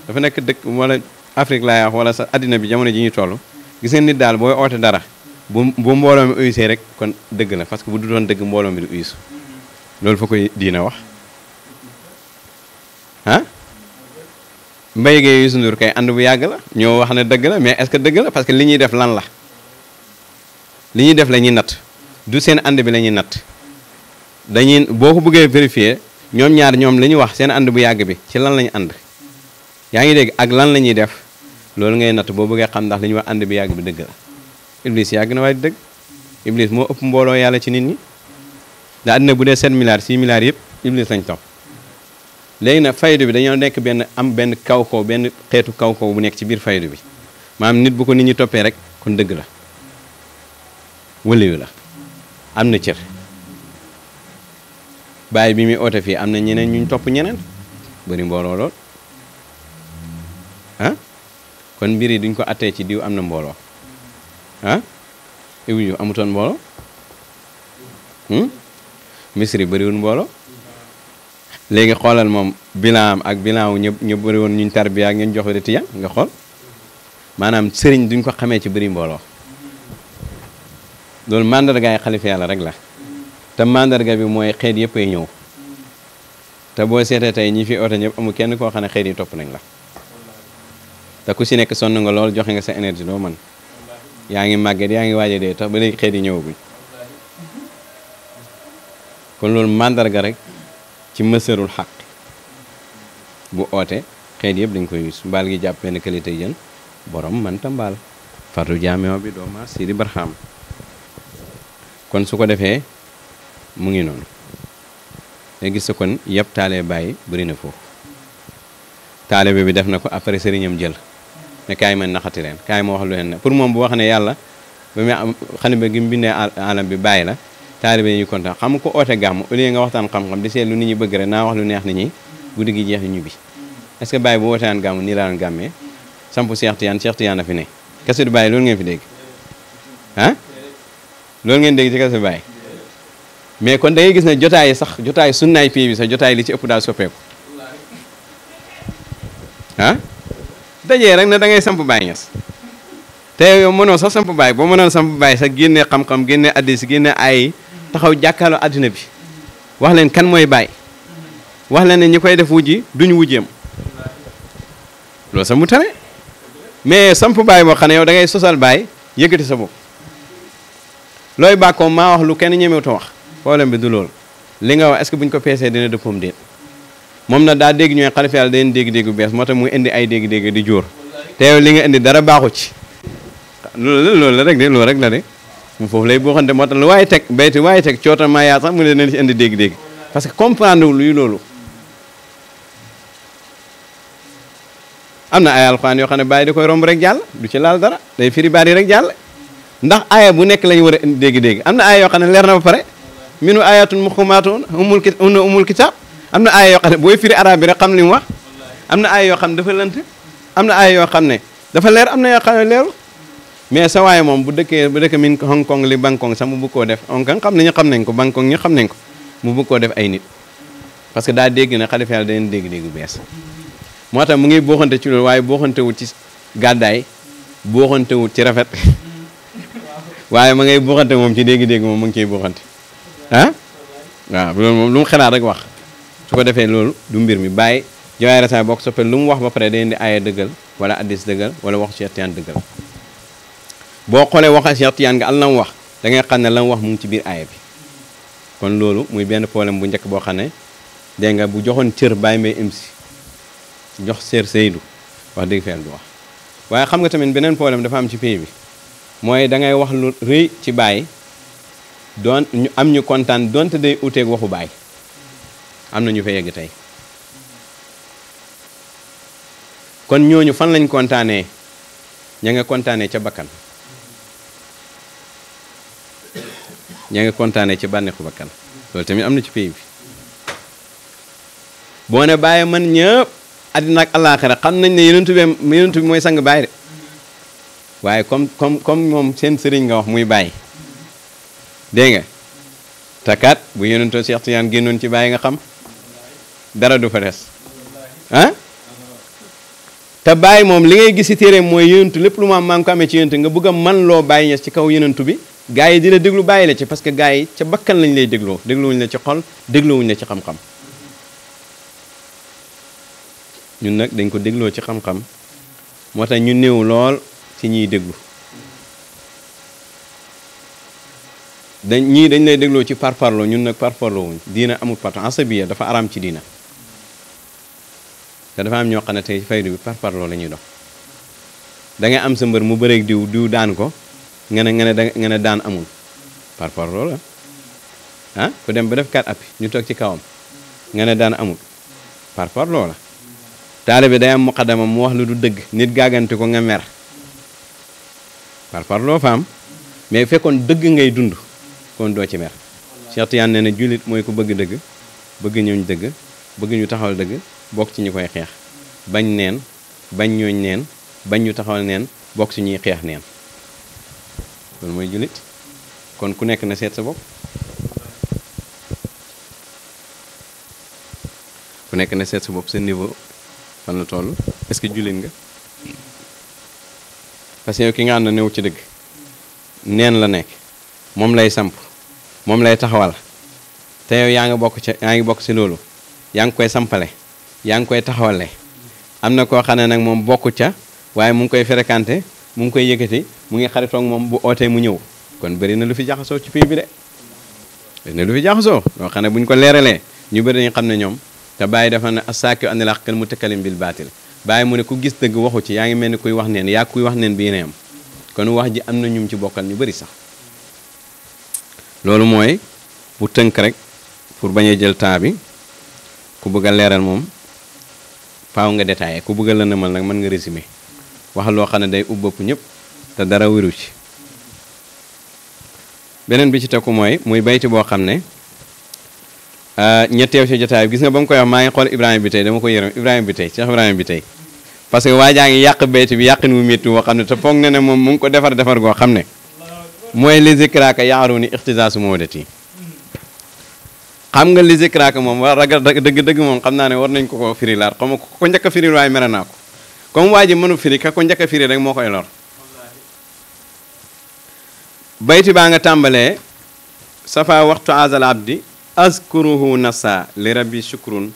Speaker 2: dafa nekk dëkk wala Afrique laa wax wala sa addina bi jamono ji ñuy toll gis ngeen nit daal booy oote dara bu bu mbooloo mi uyusee rek kon dëgg la parce que bu du doon dëgg mbooloo mi du uyusu loolu foo koy diina wax ah Mbaye Gueye Youssou Ndour kay ànd bu yàgg la ñoo wax ne dëgg la mais est-ce que dëgg la parce que li ñuy def lan la li ñuy def la ñuy natt du seen ànd bi la ñuy natt dañuy boo ko bëggee vérifier ñoom ñaar ñoom li ñu wax seen ànd bu yàgg bi ci lan la ñu ànd yaa ngi dégg ak lan la ñuy def loolu ngay natt boo bëggee xam ndax li ñuy wax ànd bu yàgg bi dëgg la Iblis yàgg na waaye dëgg Iblis moo ëpp mbooloo yàlla ci nit ñi daa àddina bu dee 7 milliards 6 milliards yëpp Iblis lañ topp léegi nag faydu bi dañoo nekk benn am benn kaw kaw benn xeetu kaw kaw bu nekk ci biir faydu bi maanaam nit bu ko nit ñi toppee rek kon dëgg la wëliyu la am na cër bàyyi bi muy oote fii am na ñeneen ñuñ topp ñeneen bëri mbooloo lool ah? kon mbir yi duñ ko attee ci diw am na mbooloo ah iwu yu amutoon hmm misri bëriwul mbooloo léegi xoolal moom bilaam bilam bilan wu ñëpp ñu bëri woon tarbi tarbiya ak ñun jox wéritiya nga xool maanaam sëriñ duñ ko xamee ci bëri mbooloo mandar mandargaay xalifa yàlla rek la mandar mandarga bi moy xeet yëpp ay ñëw te boo seetee fi oote ñëpp amu kenn koo xam ne xeet yi topp nañ la te ku si nga joxe nga sa yaa ngi màgget yaa ngi waaj dee tax ba léegi xeet yi ñëwaguñ kon loolu màndarga rek ci mësërul xaq bu oote xeet yëpp dañ koy wis mbaal gi jàpp benn qualité jën borom mënta mbaal fardu jaameo bi dooma sidi barxaam kon su ko defee mu ngi noonu nga gis kon yëpp taale bàyyi bëri na foofu taalibe bi def na ko après sëriñam jël ne kaay ma naxati leen kaay ma wax lu leen ne pour moom bu wax ne yàlla ba muy am xale ba gi mu bindee alam bi bàyyi la taalibe yi ñu kontaan xam ko oote gàmm au lieu nga waxtaan xam-xam di seet lu nit ñi bëgg rek naa wax lu neex nit ñi guddi gi jeex ñu bi est ce que bàyyi bu wootaan gàmm nii laa doon gàmmee samp Cheikh Tidiane Cheikh Tidiane a fi ne kese du baay loolu ngeen fi dégg ah loolu ngeen dégg ci kese bàyyi mais kon da ngay gis ne jotaay sax jotaay sunnaay pii bi sax jotaay li ci ëpp daal soppeeku dajee rek ne da ngay samp Baay Ñas te yow mënoo sax samp Baay boo mënoon samp Baay sax génne xam-xam génne addis génne ay taxaw jàkkaarloo àddina bi wax leen kan mooy Baay wax leen ne ñi koy def wujji duñu wujjeem loolu sax mu tane mais samp Baay boo xam ne yow da ngay sosal Baay yëkkati sa bopp looy bàkkoo maa wax lu kenn ñemewuta wax problème bi du loolu li nga wax est-ce que buñ ko peesee dina dëppoom déet moom na daa dégg ñooy xalifa yàlla dañu dégg-dégg bu bees moo tax mu indi ay dégg-dégg di jóor li nga indi dara baaxu ci loolu loolu la rek de rek la foofu lay boo xamante moo tax lu waaye teg bayti waaye teg coota maa yaa sax mu leen ci dégg-dégg parce que comprendre luy loolu am na ay alxuraan yoo xam ne bàyyi da koy romb rek jàll du ci laal dara day firi baat rek jàll ndax aaya bu nekk lañu war a indi dégg-dégg am na aaya yoo xam ne leer na ba pare minu aayatun muxumaatun umul umul kitaab am na aaya yoo xam ne booy firi arab bi rek xam li mu wax am na aaya yoo xam ne dafa lënt am na aaya yoo xam ne dafa leer am na yoo xam ne leeru mais sa waaye moom bu dëkkee bu dëkkee min Hong Kong li Bangkok sax mu bëgg koo def Hong Kong xam nañu xam nañ ko Bangkok ñu xam nañ ko mu bëgg def ay nit parce que daa dégg na xalifa yàlla dégg-dégg bu bees moo tax mu ngi booxante ci waaye waaye booxantewul ci gàddaay booxantewul ci rafet waaye ma ngay booxante moom ci dégg-dégg moom mu ngi ciy booxante ah waaw loolu lu xalaat rek wax su ko defee loolu du mbir mi bàyyi jawaay saa boo ko soppee lu mu wax ba pare day indi aaya dëggal wala addis dëggal wala waxu Cheikh Tidiane dëggal boo xoolee waxee Cheikh Tidiane nga al la mu wax da ngay xam ne la mu wax mu ngi ci biir aaya bi kon loolu muy benn problème bu njëkk boo xam ne dégg nga bu joxoon cër bàyyi may im si jox seer Seydou wax dëgg feel du wax waaye xam nga tamit beneen problème dafa am ci pays bi mooy da ngay wax lu rëy ci bàyyi doon ñu am ñu kontaan donte day uteeg waxu bàyyi am na ñu fa yegg tey kon ñooñu fan lañ kontaanee ña nga kontaanee ca bakkan ña nga kontaanee ca bànneexu bakkan loolu tamit am na ci pays bi boo ne bàyyi man ñëpp àddina ak àllaaxira xam nañ ne yonent bi yonent mooy sang bàyyi de waaye comme comme comme moom seen sëriñ nga wax muy bàyyi dégg nga takkaat bu yonentoo Seex Tijaan génnoon ci bàyyi nga xam dara du fa des ah te bàyyi moom li ngay gis ci téere mooy yonentu lépp lu ma am maa ngi ko amee ci yonentu nga bëgg a man loo bàyyi ñes ci kaw yonentu bi gars yi di la déglu bàyyi la ci parce que gars yi ca bakkan lañ lay dégloo dégluwuñ la ci xol dégluwuñ la ci xam-xam ñun nag dañ ko dégloo ci xam-xam moo tax ñu néew lool ci ñiy déglu dañ ñii dañ lay dégloo ci parparloo ñun nag parparloo wuñ diina amul parto asabiya dafa araam ci diina te dafa am ñoo xam ne tey faydu bi par parloo la ñuy dox dangay am sa mbër mu bëreeg diw diw daan ko nga ne nga ne nga daan amul par parloo la ah dem ba def kat appi ñu toog ci kawam nga ne daan amul par parloo la taalibe day am muqaddama mu wax lu du dëgg nit gàggante ko nga mer par parloo am mais fekkoon dëgg ngay dund kon doo ci mer Cheikh Tidiane nee na jullit mooy ku bëgg dëgg bëgg ñëw dëgg bëgg ñu taxaw dëgg bokk ci ñu koy xeex bañ neen bañ ñooñ neen bañ ñu taxawal neen bokk ci ñuy xeex neen loolu mooy jullit kon ku nekk na seet sa bopp ku nekk na seet sa bopp sa niveau fan la toll est-ce que jullit nga parce que yow ki nga am na new ci dëgg neen la nekk moom lay samp moom lay taxawal te yow yaa ngi bokk ca yaa ngi bokk ci loolu yaa ngi koy sampale yaa ngi koy taxawale am na koo xam nag moom bokku ca waaye mu ngi koy fréquenté mu ngi koy yëkkati mu ngi xaritoog moom bu ootee mu ñëw kon bëri na lu fi jaxasoo ci pays bi de bëri na lu fi jaxasoo loo xam ne bu ñu ko leeralee ñu bëri dañu xam ne ñoom te bàyyi dafa ne assaaki anil haqqi al mutakallim bil baatil bàyyi mu ne ku gis dëgg waxu ci yaa ngi ni kuy wax neen yaa kuy wax neen bi ne am kon wax ji am na ñum ci bokkal ñu bëri sax loolu mooy bu tënk rek pour bañ a jël temps bi ku bëgg a leeral moom faaw nga détaillé ko bëgg a lëndëmal nag man nga résumé wax loo xam ne day ubbeeku ñëpp te dara wéru ci beneen bi ci te ku mooy muy bayti boo xam ne ah, ñetteew ci jotaay gis nga ba mu ko wax maa ngi xool Ibrahima bi tey dama ko yërëm Ibrahima bi tey Cheikh Ibrahima bi tey parce que waa jaa ngi yàq bayti bi yàqin wu metti woo xam ne te foog na ne moom mu ngi ko defar defar goo xam ne mooy les écraka yaaru ni ixtisaasu moo det yi xam nga li zikra ak moom wa ragal dëgg-dëgg moom xam naa ne war nañ ko ko firi laat xam ko ko njëkk a firi waaye mere naa ko comme waa ji mënu firi ka ko njëkk a firi rek moo koy lor bayti baa nga tàmbalee safa waxtu azal abdi azkuruhu nasa li rabbi shukrun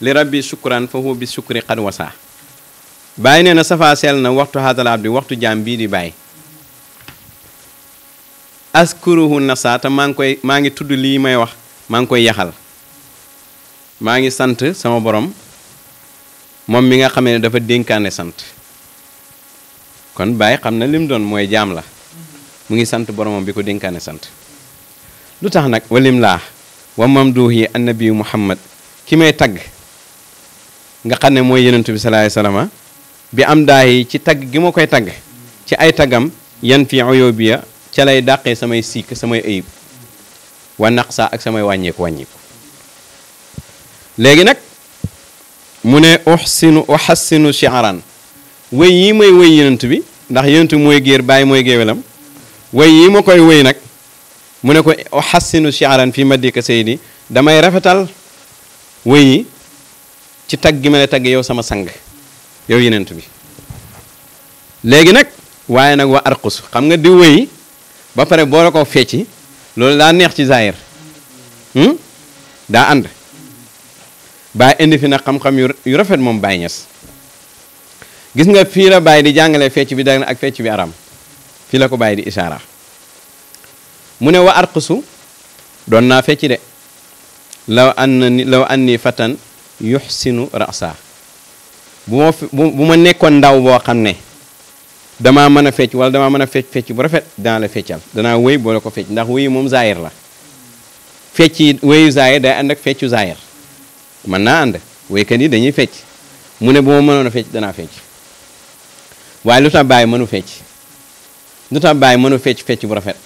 Speaker 2: li rabbi shukran fa huwa nee na safa na waxtu azal abdi waxtu jaam bii di bàyyi azkuruhu nasa maa ngi koy maa ngi tudd lii may wax maa ngi koy yaxal maa ngi sant sama borom moom mi nga xamee ne dafa dénkaane sant kon Baye xam na lim doon mooy jaam la mu ngi sant boromam bi ko dénkaane sant lu tax nag walim laa wa mamduux annabi muhammad ki may tagg nga xam ne mooy yenentu bi salaay salama bi am daa ci tagg gi ma koy tagg ci ay tagam yan fi oyo biya ca lay dàqee samay sik samay ayib wa saa ak samay wàññeeku wàññeeku léegi nag mu ne uxsinu uxassinu chiaran wéy yii may wéy yenant bi ndax yenant bi mooy géer bàyyi mooy géewelam wéy yii ma koy wéy nag mu ne ko uxassinu chiaran fii ma dikka saydi damay rafetal wéy yi ci tag gi ma ne tagg yow sama sang yow yenant bi léegi nag waaye nag wa arqusu xam nga di wéy ba pare boo la ko fecci loolu daa neex ci zaahir hmm? daa ànd baa indi fi na xam-xam yu rafet moom Baay Ñas gis nga fii la Baay di jàngale fecc bi dagan ak fecc bi aram fii la ko Baay di isaara mu ne wa arqusu doon naa fecc de law anni law anni fatan yuxsinu rasa bu ma bu ma nekkoon ndaw boo xam ne damaa mën a fecc wala damaa mën a fecc fecc bu rafet danaa la feccal danaa wéy boo la ko fecc ndax wéyu moom zaayir la fecc yi zaayir day ànd ak feccu zaayir man naa ànd wéykat yi dañuy fecc mu ne bu ma mënoon fecc danaa fecc waaye lu tax bàyyi mënu fecc lu tax bàyyi mënu fecc fecc bu rafet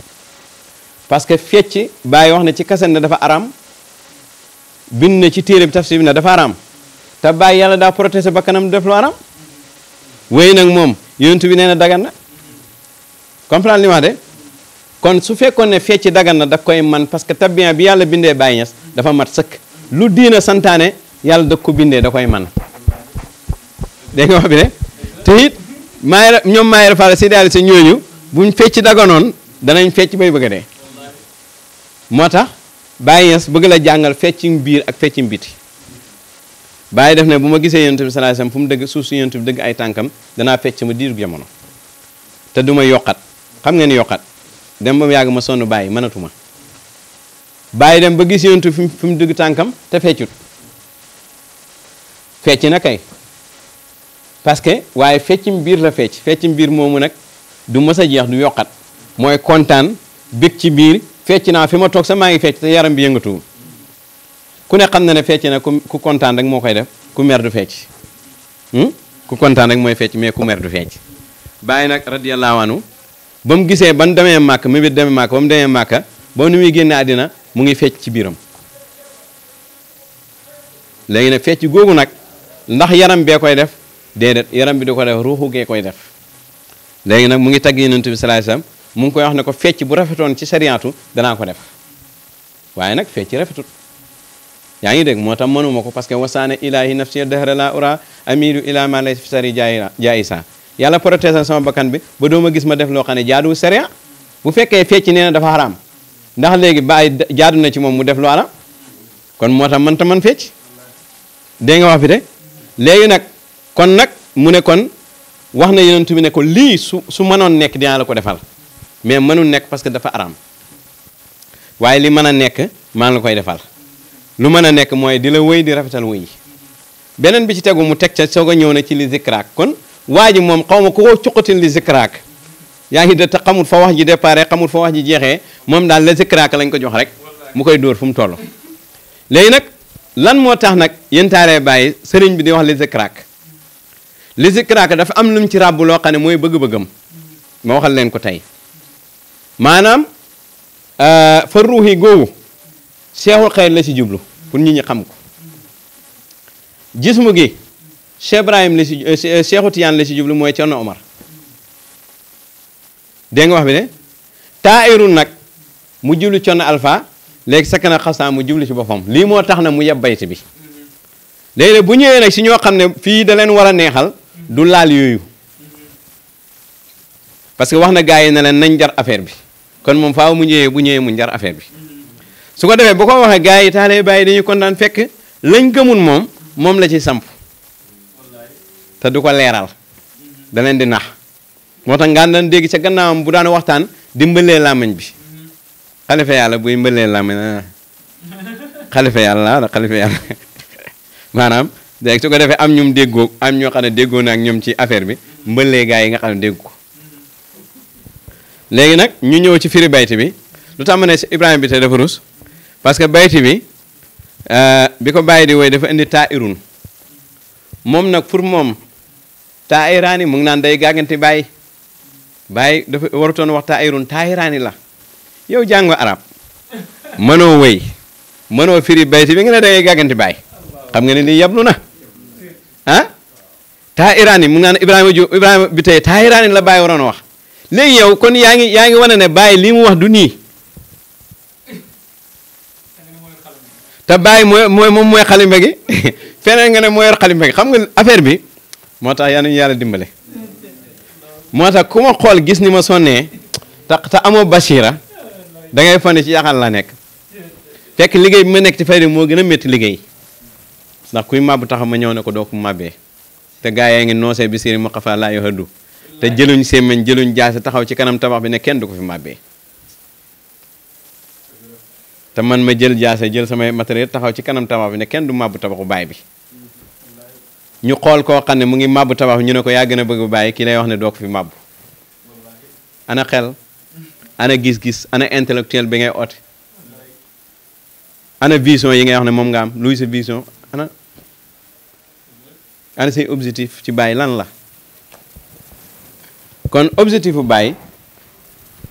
Speaker 2: parce que fecc bàyyi wax ne ci kaset ne dafa aram bind na ci téere bi tafsir bi na dafa aram te bàyyi yàlla daa protesté ba kanam def lu aram wéy nag moom yonent bi nee na dagan na de kon su fekkoon ne fecc dagan na da koy man parce que tabian bi yàlla bindee Baye Niass dafa mat sëkk lu diina santaane yàlla dag ko bindee da koy man dégg nga wax bi ne te it maayra ñoom maayra Fall si daal si ñooñu buñ fecc daganoon danañ fecc bay bëgg a moo tax Baye Niass bëgg la jàngal fecc biir ak feccum biti bàyyi def ne bu ma gisee yonent bi sallallahu alayhi wasallam fu mu dëgg suuf si yonent bi dëgg ay tànkam danaa fecc ma diirug jamono te du ma yokkat xam nga ni yokkat dem ba mu yàgg ma sonn bàyyi mënatuma bàyyi dem ba gis yonent bi fi mu dëgg tànkam te feccut fecc na kay parce que waaye feccim biir la fecc feccim biir moomu nag du mës a jeex du yokkat mooy kontaan bég ci biir fecc naa fi ma toog sa maa ngi fecc te yaram bi yëngatuwul ku ne xam na ne fecc na ku kontaan rek moo koy def ku mer du fecc hmm? ku kontaan rek mooy fecc mais ku mer du fecc bàyyi nag radiyallahu anhu ba mu gisee ban demee màkk mu bi demee màkk ba mu demee màkk ba nu muy génne àddina mu ngi fecc ci biiram léegi nag fecc googu nag ndax yaram bee koy def déedéet yaram bi di ko def ruuxu koy def léegi nag mu ngi tagg yonent bi sallallahu alayhi wasallam mu ngi koy wax ne ko fecc bu rafetoon ci sariyaatu danaa ko def waaye nag fecc rafetut yaa ngi dégg moo tax mënuma ko parce que wasaana ilahi nafsi dahra la ura amidu ila ma lay sari jaayisa yàlla protéger sama bakkan bi ba dooma gis ma def loo xam ne jaaduwul sariya bu fekkee fecc nee na dafa xaraam ndax léegi bàyyi jaadu na ci moom mu def lu xaraam kon moo tax man ta man fecc dégg nga wax bi de léegi nag kon nag mu ne kon wax na yonent bi ne ko lii su su mënoon nekk dinaa la ko defal mais mënul nekk parce que dafa araam waaye li mën a nekk maa la koy defal lu mën a nekk mooy di la wëy di rafetal wëy beneen bi ci tegu mu teg ca soog a ñëw na ci li zikraak kon waa ji moom xaw ma ku ko cuqatin li zikraak yaa ngi dëtt xamul fa wax ji départ xamul fa wax ji jeexee moom daal la zikraak lañ ko jox rek mu koy dóor fu mu toll léegi nag lan moo tax nag yéen taaree bàyyi sëriñ bi di wax li zikraak li zikraak dafa am lu mu ci ràbb loo xam ne mooy bëgg-bëggam ma waxal leen ko tey maanaam fa ruuxi googu seexul xayr la ci jublu pour nit ñi xam ko jismu gi Cheikh la si Seexu Tijaan la si jublu mooy Cerno Omar dégg nga wax bi ne taayirun nag mu jublu Cerno Alpha léegi sakk na xasaa mu jublu si boppam lii moo tax na mu yeb bayt bi léeg-léeg bu ñëwee nag si ñoo xam ne fii da leen war a neexal du laal yooyu parce que wax na gars yi ne leen nañ jar affaire bi kon moom faaw mu ñëwee bu ñëwee mu njar affaire bi su ko defee bu ko waxee gars yi taalee bàyyi dañu kon kontaan fekk lañ gëmul moom moom la ci samp te du ko leeral daleen di nax moo tax ngaan daan dégg ca gannaawam bu daan waxtaan di mbëlee bi xalifa yàlla buy mbëlee làmmiñ ah. xalifa yàlla ah, xalifa yàlla maanaam léegi su ko defee am ñum déggoo am ñoo xam ne déggoo na ak ñoom ci affaire bi mbëlee gaa yi nga xam ne dégg ko léegi nag ñu ñëw ci firi bayti bi lu tax ma ne Ibrahima bi te dafa rus parce que bayti bi euh, bi ko bàyyi di woy dafa indi taa'irun moom nag pour moom taa'iraani mu ngi naan day gàgganti bàyyi bàyyi dafa warutoon wax taa'irun taa'iraani la yow jàngoo arab mënoo wéy mënoo firi bayti bi nga ne da ngay gàgganti bàyyi xam nga ne lii yablu na ah taa'iraani mu ngi naan Ibrahima ju Ibrahima bi tey taa'iraani la bàyyi waroon wax léegi yow kon yaa ngi yaa ngi wane ne bàyyi lii mu wax du nii te bàyyi mooy mooy moom mooy xalimba gi feneen nga ne mooy yor xalimba xam nga affaire bi moo tax yal nañu yàlla dimbale moo tax ku ma xool gis ni ma sonnee te te amoo basira da ngay fane ci yaxal laa nekk fekk liggéey bi ma nekk ci fayda moo gën a métti liggéey ndax kuy màbb taxaw ma ñëw ne ko doo ko màbbee te gaa yaa ngi noosee bi siri ma xafa laa yoo hëddu te jëluñ sémmiñ jëluñ jaase taxaw ci kanam tabax bi ne kenn du ko fi màbbee te man ma jël jaase jël samay matériel taxaw ci kanam tabax bi ne kenn du màbbu bu baay bi ñu xool koo xam ne mu ngi màbbu tabax bi ñu ne ko yaa gën a bëgg bàyyi ki lay wax ne doo fi màbbu ana xel ana gis-gis ana intellectuel bi ngay ot ana vision yi nga wax ne moom nga am luy sa vision ana ana say objectif ci bàyyi lan la kon objectif bu bàyyi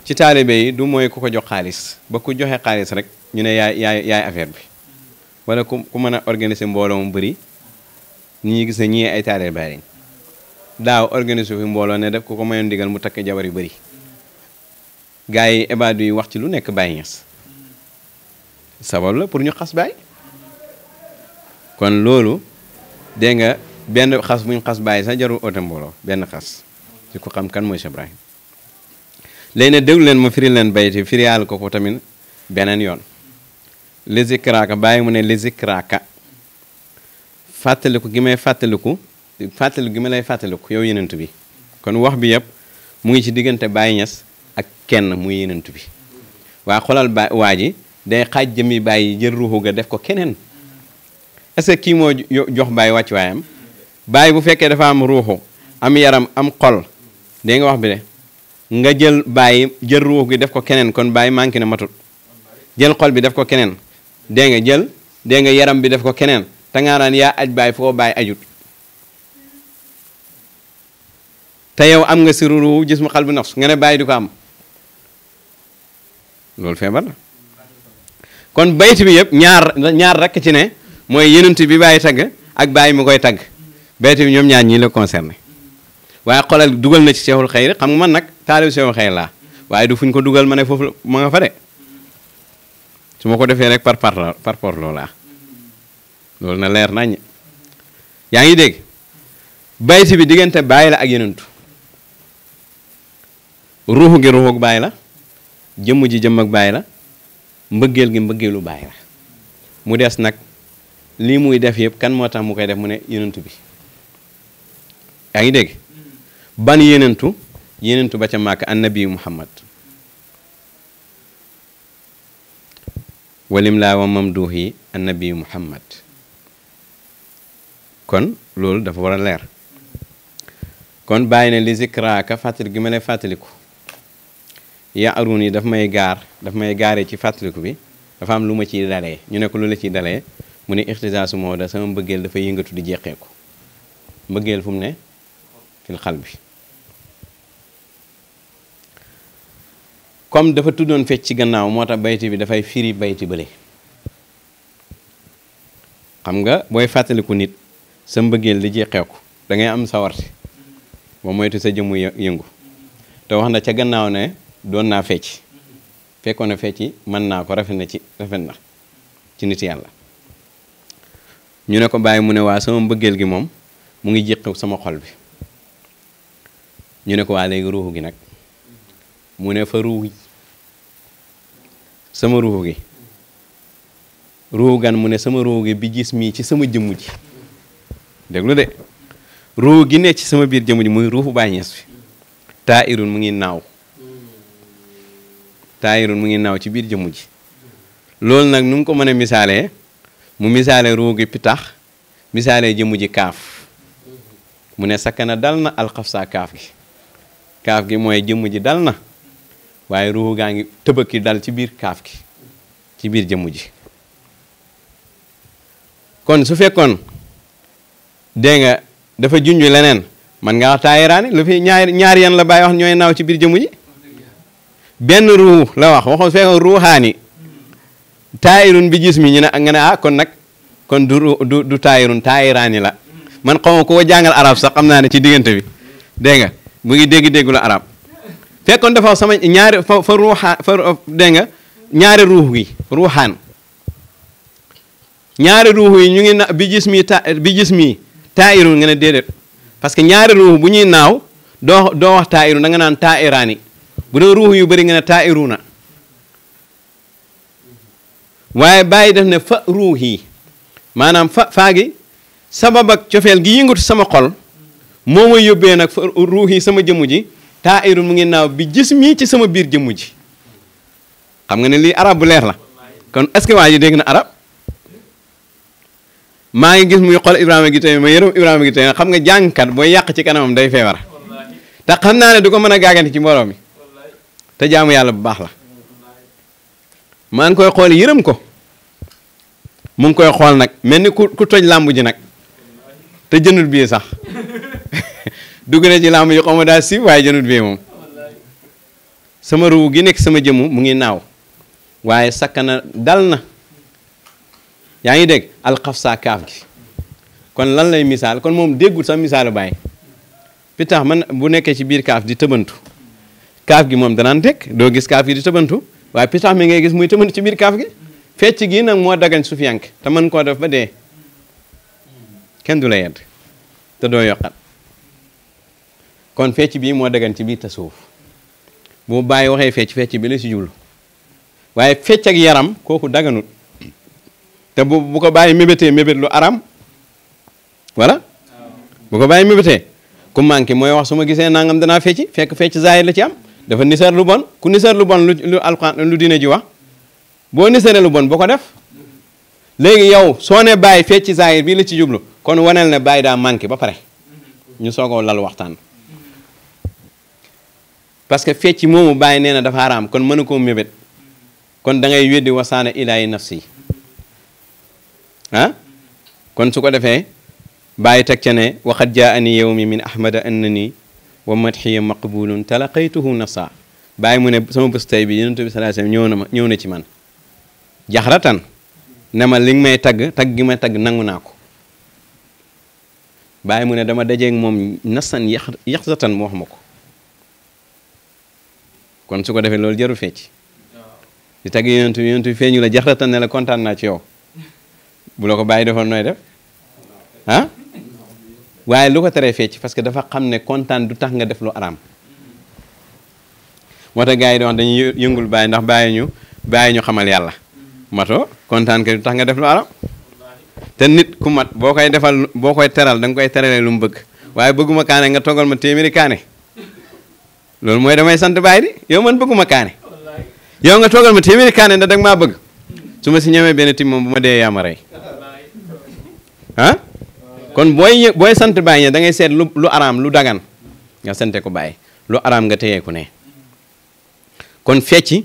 Speaker 2: ci taalibe yi du mooy ku ko jox xaalis ba ku joxe xaalis rek ñu ne yaay yaay yaay affaire bi wala ku ku mën a organiser mbooloo mu bëri ñi ñuy gis ne ñii ay taalee bàyyi daaw organise fi mbooloo ne def ku ko mayoon digal mu takk jabar yu bëri gars yi ébaadu yi wax ci lu nekk Baye Niass sabab la pour ñu xas Baye kon loolu dégg nga benn xas buñ xas Baye sax jarul oote mbooloo benn xas ci ko xam kan mooy Cheikh Ibrahim léegi nag déglu leen ma firi leen bayte firi ko ko tamit beneen yoon lizzikraaka bàyyi mu ne lizzikraaka fàttaliku gi may fàttaliku fàttaliku gi ma lay fàttaliku yow yenent bi kon wax bi yëpp mu ngi ci diggante Baye Niass ak kenn mu yenent bi waa xoolal ba waa ji day xaaj jëmi bàyyi jël ruuxu ga def ko keneen est que kii moo jox bàyyi wàcc waayam bàyyi bu fekkee dafa am ruuxu am yaram am xol dégg wax bi de nga jël bàyyi jël gi def ko keneen kon bàyyi manqué na matut jël xol bi def ko keneen dee nga jël dee nga yaram bi def ko keneen te nga naan yaa aj baay foo baay ajut te yow am nga siruru gis mu xal bu nga ne bàyyi du ko am loolu feebar la kon bayt bi yëpp ñaar ñaar rekk ci ne mooy yenent bi bàyyi tagg ak bàyyi mu koy tagg bayt bi ñoom ñaar ñii la concerné waaye xoolal dugal na ci seexul xayri xam nga man nag taalibu seexul xayri laa waaye du fuñ ko dugal ma ne foofu ma nga fa de su ma ko defee rek par par par par loolaa loolu na leer nañ yaa ngi dégg bayti bi diggante bàyyi la ak yenentu ruuxu gi ruuxu bàyyi la jëmm ji jëmm ak bàyyi la mbëggeel gi mbëggeelu bàyyi la mu des nag lii muy def yëpp kan moo tax mu koy def mu ne yenentu bi yaa ngi dégg ban yenentu yenentu ba ca màkk annabi muhammad ولم والملا وممدوه النبي محمد كن لول دفور لير كن باين لي ذكرى كفاتل جمال فاتلكو يا اروني داف ماي غار داف ماي غاري سي فاتلكو بي دا فام لوما سي دالاي ني نيكو لولا سي دالاي موني اختزاز مو دا سام بجيل دا فاي ييغاتو دي جيخيكو بغيل فوم في القلب comme dafa tuddoon fecc ci gannaaw moo tax bayti bi dafay firi bayti bële xam nga booy fàttaliku nit sa mbëggeel li ci dangay ko da ngay am sawarte ba moytu sa jëmu yëngu te wax na ca gannaaw ne doon naa fecc fekkoon na fecci mën naa ko rafet na ci rafet na ci nit yàlla ñu ne ko bàyyi mu ne waa sama mbëggeel gi moom mu ngi jéqew sama xol bi ñu ne ko waa léegi ruuxu gi nag mu ne fa ruuxi sama ruux gi ruux gan mu ne sama ruux gi bi gis mii ci sama jëmm ji déglu de ruux gi ne ci sama biir jëmm ji muy ruuxu bàññees bi taa mu ngi naaw taa irun mu ngi naaw ci biir jëmm ji loolu nag nu mu ko mëne a mu misaale ruux gi pitax misaalee jëmm ji kaaf mu ne sakkana dal na alxaf saa kaaf gi kaaf gi mooy jëmm ji dal na waaye ruuxu gaa ngi tëbëkki dal ci biir kaaf gi ci biir jëmm ji kon su fekkoon dégg nga dafa junj leneen man nga wax taayiraani ñaar ñaar yan la bàyyi wax ñooy naaw ci biir jëmm ji benn ruux la wax waxu fekkoon ruuxaani taayirun bi gis mi ñu ne nga ne ah, kon nag kon du du du taayirun taayiraani la man xaw ma koo arab sax xam naa ci diggante bi dégg nga mu ngi la arab fekkoon dafa sama ñaari fa fa ruuxaa fa dégg nga ñaari ruux yi ruuxaan ñaari ruux ñu ngi na bi gis mii ta mii taayirun nga ne déedéet parce que ñaare ruux bu ñuy naaw doo doo wax da nga naan taayiraani bu dee ruux yu bëri nga ne taayiruna waaye bàyyi def ne fa ruux yi maanaam fa faagi sabab ak cofeel gi yëngatu sama xol moo may yóbbee nag fa ruux sama jëmm ji taa iru mu ngi naaw bi gis mii ci sama biir ji ji xam nga ne lii arab bu leer la kon est-ce que waa ji dégg na arab maa ngi gis muy xool Ibrahima gi tey ma yërëm Ibrahima gi tey xam nga jàngkat booy yàq ci kanamam day feebar te xam naa ne du ko mën a gaaganti ci mbooloo mi te jaamu yàlla bu baax la maa ngi koy xool yërëm ko mu ngi koy xool nag mel ni ku toj làmb ji nag te jëndul bii sax. dugg na ci lamb yu xaw da si way jënut bee mom sama ruu gi nek sama jëm mu ngi naw waye sakana dalna yaangi deg al qafsa kaf gi kon lan lay misal kon mom déggul misal, misal bàyyi pitax man bu nekk ci bir kaf di tebeuntu kaf gi moom danaan tek do gis kaf yi di tëbantu waaye pitax mi ngay gis muy tebeuntu ci bir kaf gi fecc gi nak mo dagan sufyank te mën def ba de ken dou la yedd te do yokkat kon fecc bii moo dagan ci biir tasawuf bu bàyyi waxee fecc fecc bi la ci jublu waaye fecc ak yaram kooku daganut te bu bu ko bàyyi mébétee mébét lu aram voilà bu ko bàyyi mébétee ku manqué mooy wax su ma gisee nangam danaa fecci fekk fecc zaay la ci am dafa nisar lu bon ku nisar lu bon lu lu lu diine ji wax boo nisaree lu bon boo ko def léegi yow soo ne bàyyi fecc zaay bii la ci jublu kon waneel ne bàyyi daa manqué ba pare ñu soogoo lal waxtaan parce que fecc momu baye nee dafa haram kon manuko mébét kon da ngay weddi wasana ilaayi nafsi ah kon suko defé baye tek ci ne waxat jaa ani yow min ahmad annani wa madhi maqbulun talaqaytuhu nasa baye mu ne sama bés tay bi yunus sallallahu alayhi wasallam ñëw ñewna ci man jahratan nema ling may tag tag gi may tag nanguna ko baye mu ne dama ak mom nasan yax mo xamako kon su ko defee loolu jaru fecc di tagg yonent bi yonent bi feeñu la jaxratan ne la kontaan naa ci yow bu la ko bàyyi defoon nooy def ah waaye lu ko teree fecc parce que dafa xam ne kontaan du tax nga def lu araam moo tax yi di wax dañuy yëngul bàyyi ndax bàyyi ñu bàyyi ñu xamal yàlla mato kontaan ke du tax nga def lu araam te nit ku mat boo koy defal boo koy teral da nga koy teralee lu mu bëgg waaye bëgguma kaanee nga toggal ma téeméeri kaane loolu mooy damay sant baay di yow man bëgguma kaane yow nga toogal ma téeméeri kaane ndax danga maa bëgg su ma si ñamee benn tim moom bu ma dee yaa ma rey kon booy booy sant baay da ngay seet lu lu araam lu dagan nga sante ko baay lu araam nga teye ku ne kon fecci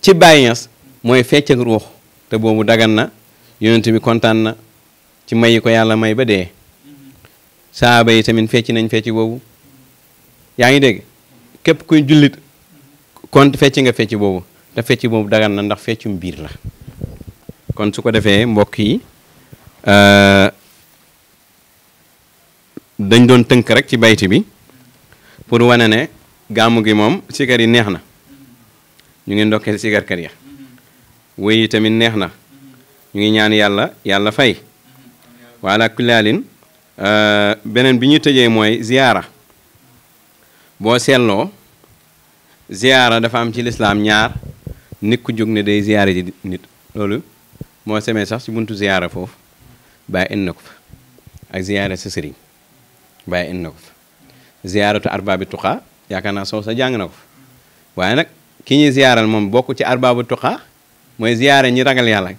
Speaker 2: ci Baay Ñas mooy fecc ak ruux te boobu dagan na yonent bi kontaan na ci may ko yàlla may ba dee saaba yi tamit fecc nañ fecc boobu yaa ngi dégg képp kuy jullit kon fecc nga fecc boobu te fecc boobu dagan na ndax feccum biir la kon su ko defee mbokk yi euh, dañ doon tënk rek ci bayti bi pour wane ne gàmmu gi moom sikar neex na ñu ngi ndokkee sikarkat ya wéy tamit neex na ñu ngi ñaan yàlla yàlla fay wala kulaalin euh, beneen bi ñuy tëjee mooy ziyaara boo seetloo ziyaara dafa am ci lislaam ñaar nit ku jóg ne day ziyaara ji nit loolu moo semee sax ci buntu ziyaara foofu bàyyi indi na ko fa ak ziyaara sa sëriñ bàyyi indi ko fa ziyaaratu arbaabi tuqaa yaakaar naa soo sa jàng na ko fa waaye nag ki ñuy ziyaaral moom bokk ci arbaabu tuqaa mooy ziyaara ñi ragal yàlla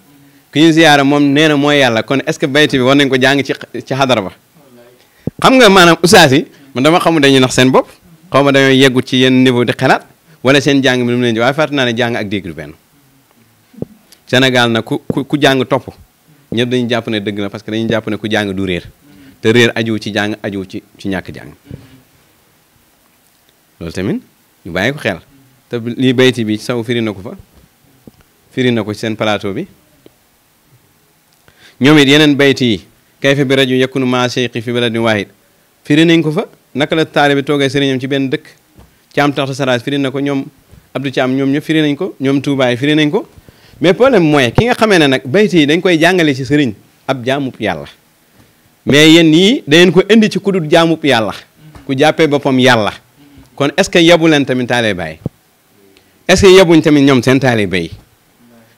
Speaker 2: ki ñuy ziyaara moom nee na mooy yàlla kon est-ce que bayti bi war nañ ko jàng ci ci xadara ba xam nga maanaam ustaas yi man dama xamul dañuy nax seen bopp xaw ma dañoo yeggut ci yenn niveau di xalaat wala seen jàng mi lu mu leen di waaye fàtte naa ne jàng ak dégg du benn Sénégal nag ku jàng topp ñëpp dañu jàpp ne dëgg na parce que dañu jàpp ne ku jàng du réer te réer ajuw ci jàng ajuw ci ci ñàkk jàng loolu tamit ñu bàyyi ko xel te lii bayti bi saw firi na ko fa firi na ko ci seen palaato bi ñoom yeneen bayti yi kayfa bi rajo yakunu maa seyqi fi baladin waahid firi nañ ko fa naka la taalibe toogee sëriñam ci benn dëkk caam taxta saraas firi na ko ñoom ci am ñoom ñëpp firi nañ ko ñoom Touba yi firi nañ ko mais problème mooy ki nga xamee ne nag bayt yi dañ koy jàngale ci sëriñ ab jaamub yàlla mais yéen yii dangeen ko indi ci kudut jaamub yàlla ku jàppee boppam yàlla kon est-ce que yabu leen tamit taalibe yi est yabuñ tamit ñoom seen taalibe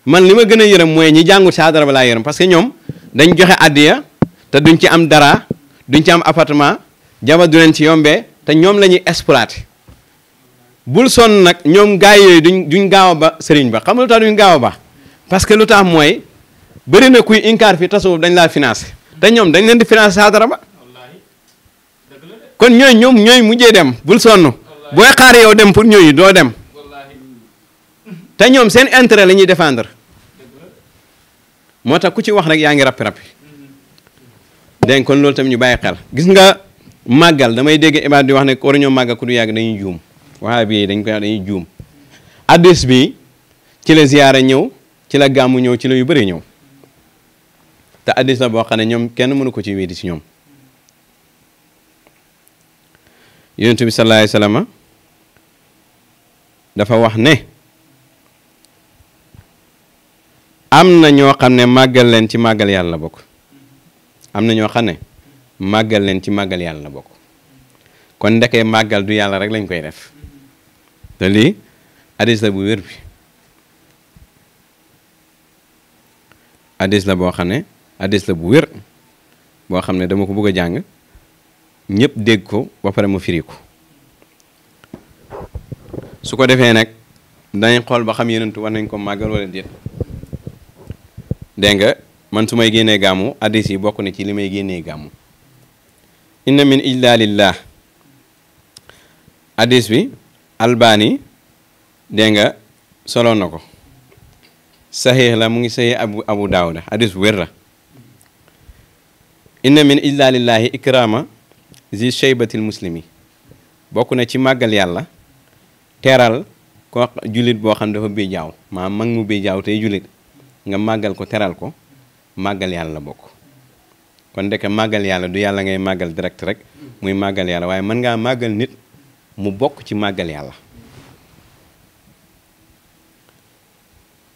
Speaker 2: man li ma gën a yërëm mooy ñi jàngut saadara ba laa yërëm parce que ñoom dañ joxe addiya te duñ ci am dara duñ ci am appartement jabar du leen ci yombee te ñoom la ñuy exploité bul sonn nag ñoom gaay yooyu duñ duñ gaaw a ba sëriñ ba xam nga lu tax duñ gaaw a ba parce que lu tax mooy bëri na kuy inkaar fi tasawuf dañ laa financé te ñoom dañ leen di financé saadara ba kon ñooy ñoom ñooy mujjee dem bul sonn booy xaar yow dem pour ñooyu doo dem te ñoom seen intérêt la ñuy défendre moo tax ku ci wax rek yaa ngi rappi rappi dégg kon loolu tamit ñu bàyyi xel màggal damay dégg ibaad di wax ne waruñoo màggal ku du yàgg dañuy juum waxaa bi dañ koy wax juum addis bi ci la ziyaara ñëw ci la gàmmu ñëw ci la yu bëri ñëw te addis la boo xam ne ñoom kenn mënu ko ci wéeti ci ñoom yonent bi sallallahu dafa wax ne am na ñoo xam ne màggal leen ci màggal yàlla bokk am na ñoo xam ne màggal leen ci màggal yàlla na bokk kon ndekee màggal du yàlla rek lañ koy def te lii hadis la bu wér bi boo xam ne hadis bu wér boo xam ne dama ko bëgg a jàng ñépp dégg ko ba pare mu firi su ko defee nag dañ xool ba xam yenentu war nañ ko màggaloo wala déet dégg nga man su may génnee gàmmu hadis yi bokk na ci li may génnee gàmmu inna min ijlaalillah hadis bi albaani dégg nga soloon na ko saxiix la mu ngi saxiix abu abu daawuda hadis bu wér la inna min ijlaalillaahi ikraama zi sheybatil muslimi bokk na ci màggal yàlla teral ko julit boo xam dafa béy jaaw maanaam mag mu béy jaaw tey julit nga màggal ko teral ko màggal yàlla la bokk kon ndeke màggal yàlla du yàlla ngay màggal direct rek muy màggal yàlla waaye mën ngaa màggal nit mu bokk ci màggal yàlla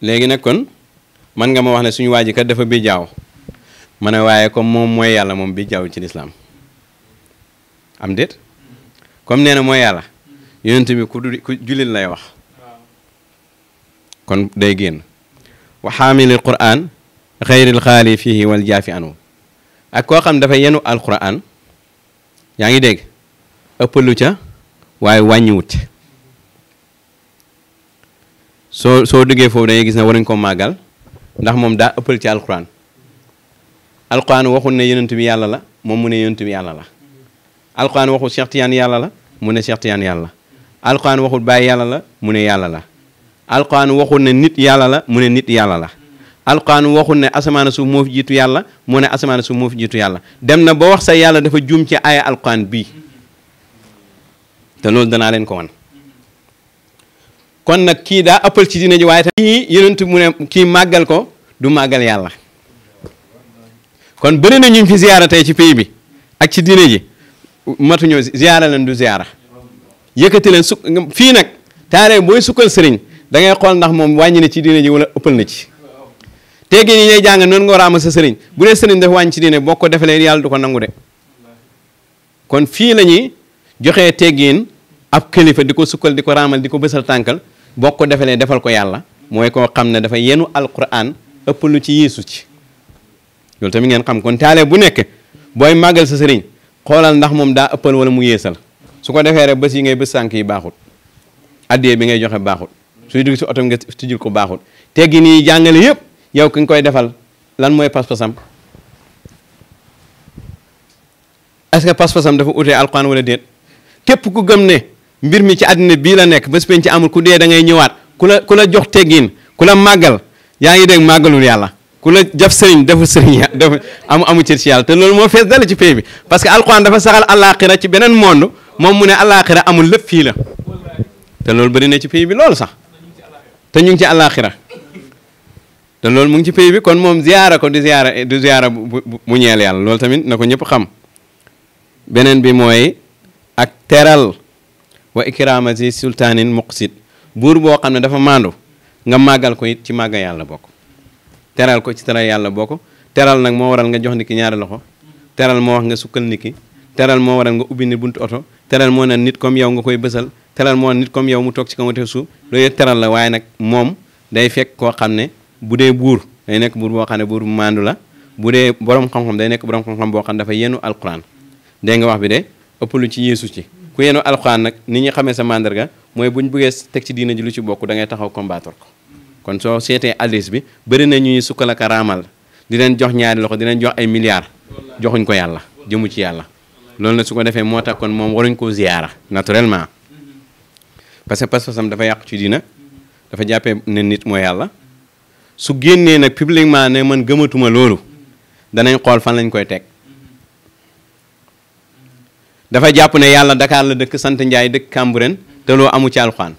Speaker 2: léegi nag kon man nga ma wax ne suñu waa ji dafa bi jaaw ma ne waaye comme moom mooy yàlla moom bi jaaw ci lislaam am déet comme nee mooy yàlla yonent bi ku du jullit lay wax kon day génn waxaamilil quraan xayril xaali fihi fii jaafi anhu ak koo xam dafa yenu alquran yaa ngi dégg ëppalu ca waaye wàññiwut soo soo duggee foofu dañuy gis ne waruñ ko màggal ndax moom daa ëppal ci alquran alquran waxul ne yonent bi yàlla la moom mu ne yonent bi yàlla la alquran waxul Cheikh Tidiane yàlla la mu ne Cheikh Tidiane yàlla la alquran waxul Baay yàlla la mu ne yàlla la alquran waxul ne nit yàlla la mu ne nit yàlla la alquran waxu ne asamaan suuf moo fi jiitu yàlla moo ne asamaan suuf moo fi jiitu yàlla dem na ba wax sa yàlla dafa juum ci aaya alquran bii te loolu danaa leen ko wan kon nag kii daa ëppal ci dina ji waaye tamit kii yonent mu ne kii màggal ko du màggal yàlla kon bëri na ñu fi ziyaara tey ci pays bi ak ci diine ji matuñoo ziyaara leen du ziyaara yëkkati leen su fii nag taaree booy sukkal sëriñ da ngay xool ndax moom wàññi na ci diine ji wala ëppal na ci teggin ni ngay jàng non nga war a am sa sëriñ bu dee sëriñ dafa wàññi ci diine boo ko defalee yàlla du ko nangu de kon fii la ñuy joxee ab kalifa di ko sukkal di ko raamal di ko bësal tànkal boo ko defalee defal ko yàlla mooy koo xam ne dafa yenu alquran ëpp lu ci yeesu ci loolu tamit ngeen xam kon taale bu nekk booy màggal sa sëriñ xoolal ndax moom daa ëppal wala mu yeesal su ko defee rek bés yi ngay bés sànk yi baaxul addiyee bi ngay joxe baaxul suy dugg si otom nga tijjul ko baaxul teggin yi jàngale yëpp yow ki nga koy defal lan mooy pas-pasam est-ce que pas-pasam dafa utee alquran wala déet képp ku gëm ne mbir mi ci àddina bii la nekk bés penc ci amul ku dee da ngay ñëwaat ku la ku la jox teggiin ku la màggal yaa ngi dégg màggalul yàlla ku la jaf sëriñ dafa sëriñ dafa amu amu cër yàlla te loolu moo fees dala ci pay bi parce que alquran dafa saxal àllaaxira ci beneen monde moom mu ne àllaaxira amul lépp fii la te loolu bëri na ci pay bi loolu sax te ñu ngi ci àllaaxira te loolu mu ngi ci pays bi kon moom ziyaara ko du ziyaara du ziyaara bu bu ñeel yàlla loolu tamit na ko ñëpp xam beneen bi mooy ak teral wa ikraama si sultaanin muqsit buur boo xam ne dafa maandu nga màggal ko it ci màgga yàlla bokk teral ko ci teral yàlla bokk teral nag moo waral nga jox nit ki ñaari loxo teral moo wax nga sukkal nit teral moo waral nga ubbi ni buntu oto teral moo ne nit comme yow nga koy bësal teral moo ne nit comme yow mu toog ci kaw te suuf loolu yëpp teral la waaye nag moom day fekk koo xam ne Bude bur, day nek bur bo Bude ne mandu la bu borom xam-xam day nek borom xam-xam bo xam dafa yenu alquran dégg nga wax bi de ëpp lu ci yesu ci ku yenu alquran nak nit ñi xamé sa mandarga moy buñ bëggee tek ci diina ji lu ci bokku da ngay taxaw combattre ko kon so sété hadis bi bëri na ñuy di len jox ñaari loxo di len jox ay milliards joxuñ ko yalla jëmu ci yalla lool na su ko kon waruñ ko ziyaara naturellement parce que pas sam dafa yaq ci diina dafa jappé nenit nit su génnee nag publiquement ne man gëmatuma loolu danañ xool fan lañ koy teg dafa jàpp ne yàlla Dakar la dëkk sant Njaay dëkk Cambérène te loo amu ci alxuraan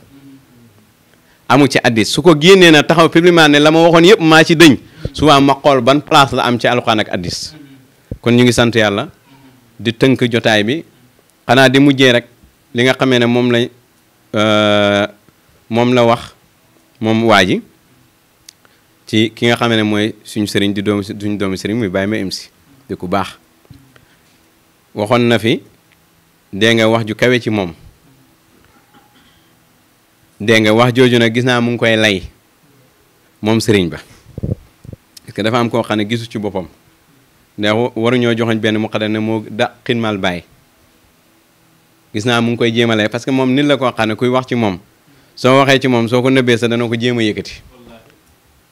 Speaker 2: amu ci addis su ko génnee na taxaw publiquement ne la ma waxoon yëpp maa ci dëñ souvent ma xool ban place la am ci alxuraan ak addis kon ñu ngi sant yàlla di tënk jotaay bi xanaa di mujjee rek li nga xamee ne moom la euh, moom la wax moom waa ji ci ki nga xam ne mooy suñu sëriñ di doomu suñu doomu sëriñ muy Baye Maim si di ku baax waxoon na fi dégg nga wax ju kawe ci moom dégg nga wax jooju nag gis naa mu ngi koy lay moom sëriñ ba parce dafa am koo xam ne gisu ci boppam ndax ñoo joxoñ benn mu xadam ne moo da xinmal bàyyi gis naa mu ngi koy jéem a lay parce moom nit la koo xam kuy wax ci moom soo waxee ci moom soo ko nëbbee sax dana ko jéem a yëkkati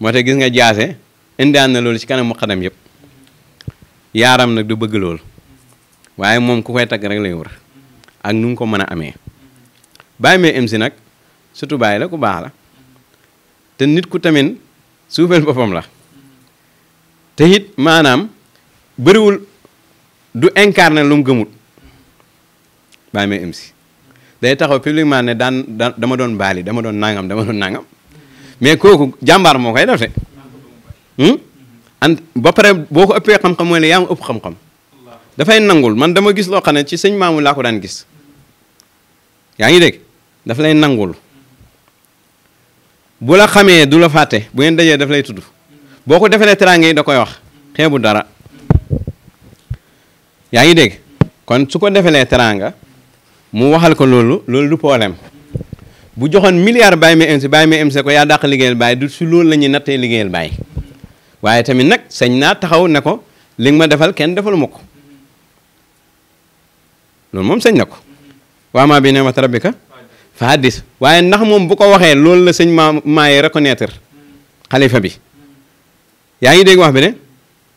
Speaker 2: moo tax gis nga jaase indaan na loolu ci kanam mu muqaddam yëpp yaaram nag du bëgg lool waaye moom ku koy tagg rek lay wër ak nu ko mën a amee bàyyi mee MC nag surtout baay la ku baax la te nit ku tamit suufeel boppam la te it maanaam bëriwul du incarné lu mu gëmul bàyyi mee MC day taxaw publiquement ne daan dama doon baali dama doon nangam dama doon nangam mais kooku jàmbaar moo koy defee hmm? an pare boo ko ëppee xam-xam mooy ne yaa ma ëpp dafay nangul man dama gis loo xam ne ci sëñ maamu laa ko daan gis yaa ngi dégg daf lay nangul bu la xamee du la fàtte bu ngeen dajee daf lay tudd boo ko defalee teraange yi da koy wax xeebu dara yaa ngi dégg kon su ko defalee teraanga mu waxal ko loolu loolu du problème bu joxone milliard Baye ma MC Baye ma MC ko ya dak liggéeyal Baye du su loolu la naté nattee liggéeyal Baye waaye tamit nak sañ taxaw ne ko li ma defal ken defal ma ko mom moom sañ na ko waa maa bi ni'mat rabbika fa haddis waye ndax mom bu ko waxé loolu la sëñ ma maaye reconnaître khalifa bi yaa ngi dégg wax bi ne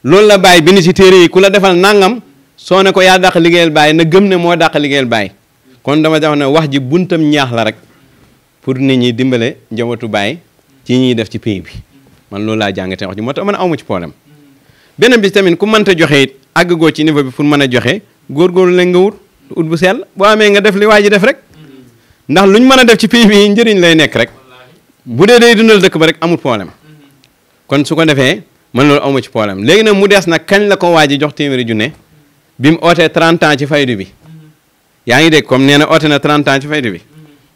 Speaker 2: loolu la Baye bi ni ci téré yi kula defal nangam soné ko ya dak liggéeyal Baye na gëm ne mo dak liggéeyal Baye kon dama jaxone wax ji buntam ñaax la rek pour nit ñi dimbale njabootu baay ci ñuy def ci pays bi man loolu laa jàngatee wax ji moo tax man aw ma ci problème beneen bi tamit ku mënta joxe it àggagoo ci niveau bi pour mën a joxe góorgóorlu leen nga wut ut bu sell boo amee nga def li waa ji def rek ndax lu ñu mën a def ci pays bi njëriñ lay nekk rek bu dee day dundal dëkk ba rek amul problème kon su ko defee man loolu amu ci problème léegi nag mu des nag kañ la ko waa ji jox téeméeri junne bi mu ootee 30 ans ci faydu bi yaa ngi dégg comme nee na oote na 30 ans ci faydu bi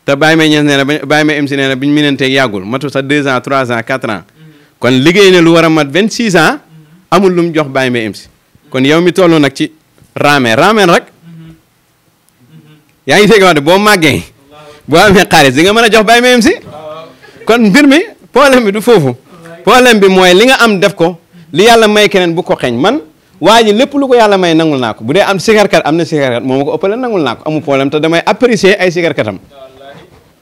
Speaker 2: te Baye May ñees nee na Baye May MC nee na bi ñu mënanteeg yàggul matu sa 2 ans 3 ans 4 ans mm-hmm. kon liggéey na lu war a mat 26 ans mm-hmm. amul lu mu jox Baye May MC kon yow mi toll nag ci raameen raameen rek mm-hmm. yaa ngi dégg wax de boo màggee boo amee xaalis di nga mën a jox Baye May MC kon mbir mi problème bi du foofu problème bi mooy li nga am def ko li yàlla may keneen bu ko xeeñ man. waa ji lépp lu ko yàlla may nangul naa ko bu dee am sikarkat am na sikarkat moom ma ko ëppale nangul naa ko damay apprécier ay sikarkatam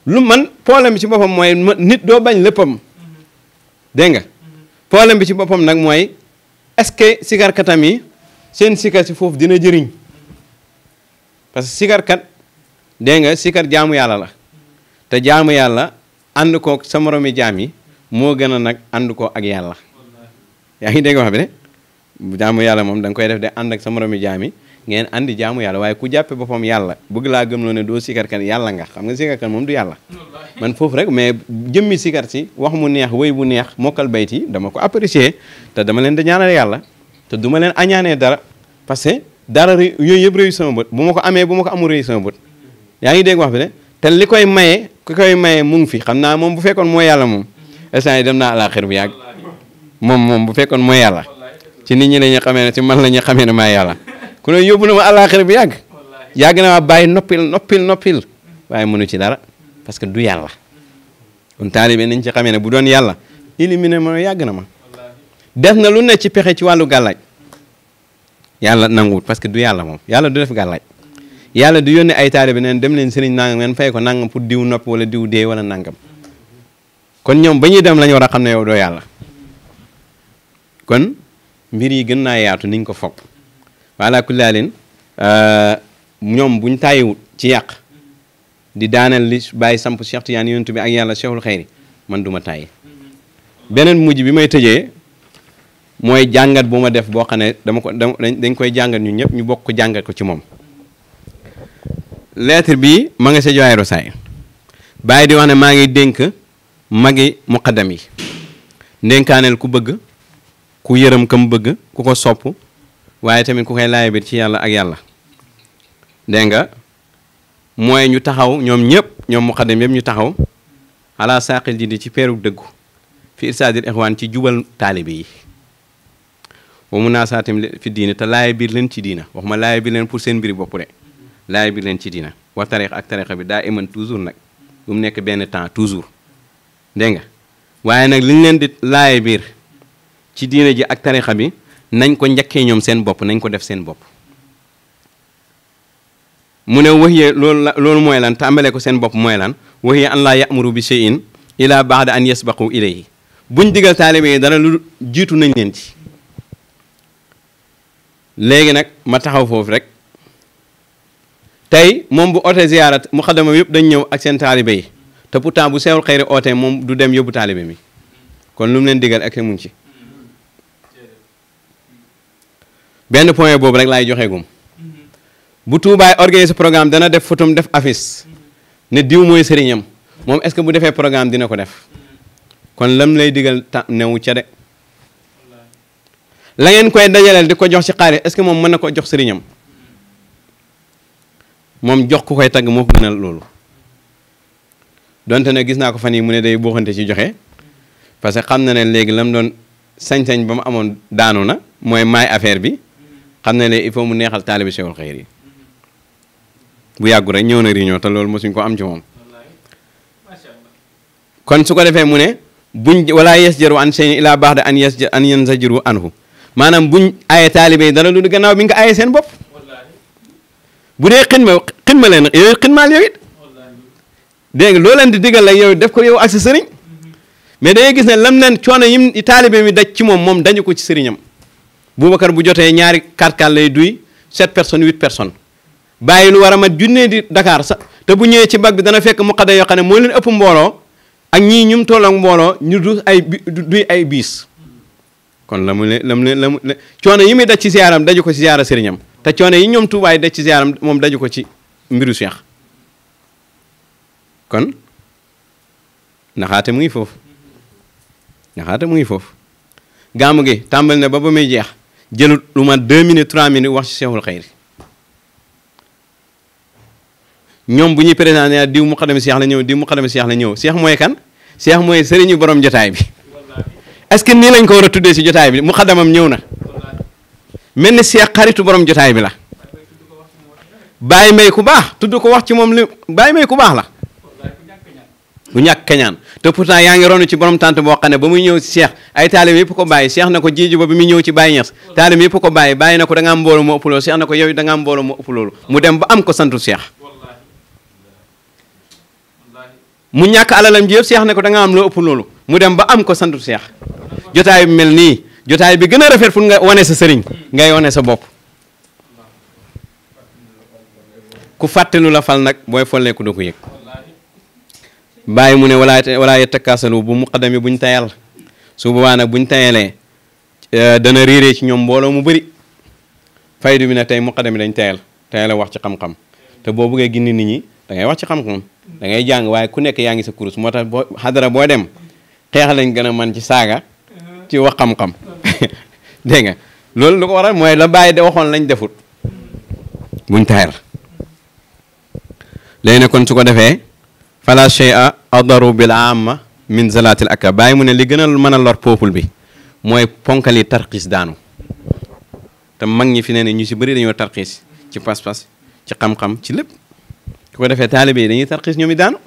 Speaker 2: lu man problème ci bopam moy nit do bañ leppam de nga problème bi ci bopam nak moy est-ce que sikarkatam katami sen sikar si foofu dina jëriñ parce que kat de nga sikar jaamu yalla la te jaamu yalla and ko sa moromi andukok agi moo Ya a nag ànd ak yalla yaa ngi nga wax bi ne jaamu yalla mom dang koy def de and ak sa moromi ngeen andi jaamu yalla waye ku jappé bopam yalla bëgg laa gëmloo ne sikkar kan yalla nga xam nga kan mom du yalla man fofu rek mais jëmmi sikkar ci wax mu neex way bu neex mokal bayti dama ko apprécier té dama leen di ñaanal yalla té duma leen añané dara parce que dara yoy yeb reuy sama bëtt bu mako amé bu mako amu reuy sama bëtt yaangi dégg wax bi de té likoy mayé ku koy mayé mu ngi fi xamna mom bu fekkon mo yalla mom essay dem naa àlaxir bi yàgg mom mom bu fekkon mo yalla ci nit ñi lañu xamé ci man lañu xamé ku ne yóbbu na ma àllaaxira bu yàgg yàgg na ma bàyyi noppil noppil noppil waaye mënu ci dara parce que du yàlla kon taalibe nañ ci xamee ne bu doon yàlla éliminé ma yàgg na ma def na lu ne ci pexe ci wàllu gàllaaj yàlla nanguwut parce que du yàlla moom yàlla du def gàllaaj yàlla du yónni ay taalibe neen dem leen sëriñ nangam ngeen fay ko nangam pour diw nopp wala diw dee wala nangam kon ñoom ba ñuy dem lañu war a xam ne yow doo yàlla kon mbir yi gën naa yaatu niñ ko foog wala kullaalin euh, ñoom buñ tàyyiwut ci yàq di daaneel li bàyyi samp Cheikh Tidiane yonent bi ak yàlla cheikhul xeyri man duma tàyyi beneen mujj bi may tëjee mooy jàngat bu ma def boo xam ne dama ko dañ koy jàngat ñu ñëpp ñu bokk ko jàngat ko ci moom lettre bi ma nga sa jowaay rosaay bàyyi di wax ne maa ngi dénk magi muqaddam yi ku bëgg ku yërëm kam bëgg ku ko sopp waaye tamit ku koy laaj biir ci yàlla ak yàlla dégg nga mooy ñu taxaw ñoom ñëpp ñoom muqaddam yëpp ñu taxaw ala saaqil ji di ci peeru dëggu fi irsaadil ixwaan ci jubal taalibe yi wa mun fi diine te laay biir leen ci diina wax ma laay biir leen pour seen mbiri bopp de laay biir leen ci diina wa tariq ak tariixa bi daa iman toujours nag bu mu nekk benn temps toujours dégg nga waaye nag liñ leen di laay biir ci diina ji ak tariixa bi nañ ko njëkkee ñoom seen bopp nañ ko def seen bopp mu ne waxiye loolu loolu mooy lan tàmbale ko seen bopp mooy lan waxiye an laa yamuru bi shay'in ila baada an yasbaqu ilayhi buñ digal taalibe yi dara lu jiitu nañ leen ci léegi nag ma taxaw foofu rek tey moom bu ootee ziyaarat mu xadama yëpp dañ ñëw ak seen taalibe yi te pourtant bu seewul xëyri ootee moom du dem yóbbu taalibe mi kon lu mu leen digal ak mu ngi ci benn point boobu rek laay joxe gum bu Touba organiser programme dana def fotum def affiche ne diw mooy sëriñam moom est-ce que bu defee programme dina ko def kon lam lay digal ta newu de la ngeen koy dajaleel di ko jox ci xaalis est-ce que moom mën na ko jox sëriñam moom jox ku koy tagg moo ko gënal loolu donte ne gis naa ko fan yi mu ne day buuxante ci joxe parce que xam na ne léegi lam doon sañ-sañ ba mu amoon daanu na mooy maay affaire bi xamne ne il faut mu neexal taalibi Cheikhul khair yi bu yagu rek ñëw na réunion ta lool mosuñ ko am ci mom kon su ko defé mu ne buñ wala yasjaru an shay'in ila ba'd an yes an yen anhu manam buñ aye talibé dara lu gannaaw bi nga aye seen bop bu dé xinma xinma leen yooyu xinma yow it dégg nga lo leen di digal la yow def ko yow ak sa sëriñ mais dangay gis ne lam leen coono yim talibé mi daj ci mom mom dañu ko ci sëriñam bu Boubacar bu jotee ñaari kàrkaal lay duy sept personnes huit personnes bàyyi lu war a mat junnee di dakaar sax te bu ñëwee ci bag bi dana fekk mu xada yoo xam ne moo leen ëpp mbooloo ak ñii ñum toll ak mbooloo ñu du ay duy ay biis kon la mu leen leen coono yi muy daj ci siyaaram daju ko ci siyaara sëriñam te coono yi ñoom tuubaay daj ci siyaaram moom daju ko ci mbiru Cheikh kon naxaate mu ngi foofu naxaate mu ngi foofu gàmmu gi tàmbal ne ba ba muy jeex jël lu ma 2 minutes 3 minutes wax ci cheikhul khair ñom bu ñi présenté diw mu xadam seex la ñew diw mu xadam seex la ñew cheikh moy kan cheikh moy serigne borom jotaay bi est-ce que ni lañ ko wara tuddé ci jotaay bi mu xadamam ñëw na mel cheikh seex xaritu borom jotaay bi la bàyyi may ku baax tuddu ko wax ci mom li may ku baax la bu ñàkk kañaan te pourtant yaa ronu ci borom tante boo xam ne ba muy ñëw ci cheikh ay taalim yëpp ko bàyyi cheikh na ko jiiju ba bi muy ñëw ci bàyyi ñes taalim yëpp ko bàyyi bàyyi na ko da nga am mbooloo mu ëpp loolu cheikh na yow da nga am mbooloo mu ëpp loolu mu dem ba am ko santu cheikh mu ñàkk alalam ji cheikh ne da nga am loo ëpp mu dem ba am ko santu cheikh bi rafet fu nga wane sa sëriñ ngay wane sa bopp ku fàttalu la fal ko bàyyi mu ne walaa walaa yettakaasalu bu muqaddam yi buñ tayal su boobaa nag buñ tayalee euh, dana réeree ci ñoom mbooloo mu bëri faydu bi nag tey muqaddam yi dañ tayal tayal wax ci xam-xam te boo buggee gindi nit ñi da wax ci xam-xam da ngay jàng waaye ku nekk yaa ngi sa kurus moo tax boo boo dem xeex lañ gën a man ci saaga ci wax xam-xam dégg nga loolu lu ko waral mooy la bàyyi de waxoon lañ defut buñ tayal léegi nag kon su ko defee فلا شيء أضر بالعامة من زلات الأكبا من اللي جنا المنا لور بوبل بي موي بونكالي ترقيس دانو تم مغني فينا نيو سي بري دانيو ترقيس تي باس باس تي قام قام تي لب كو دافي طالبي دانيو ترقيس نيومي دانو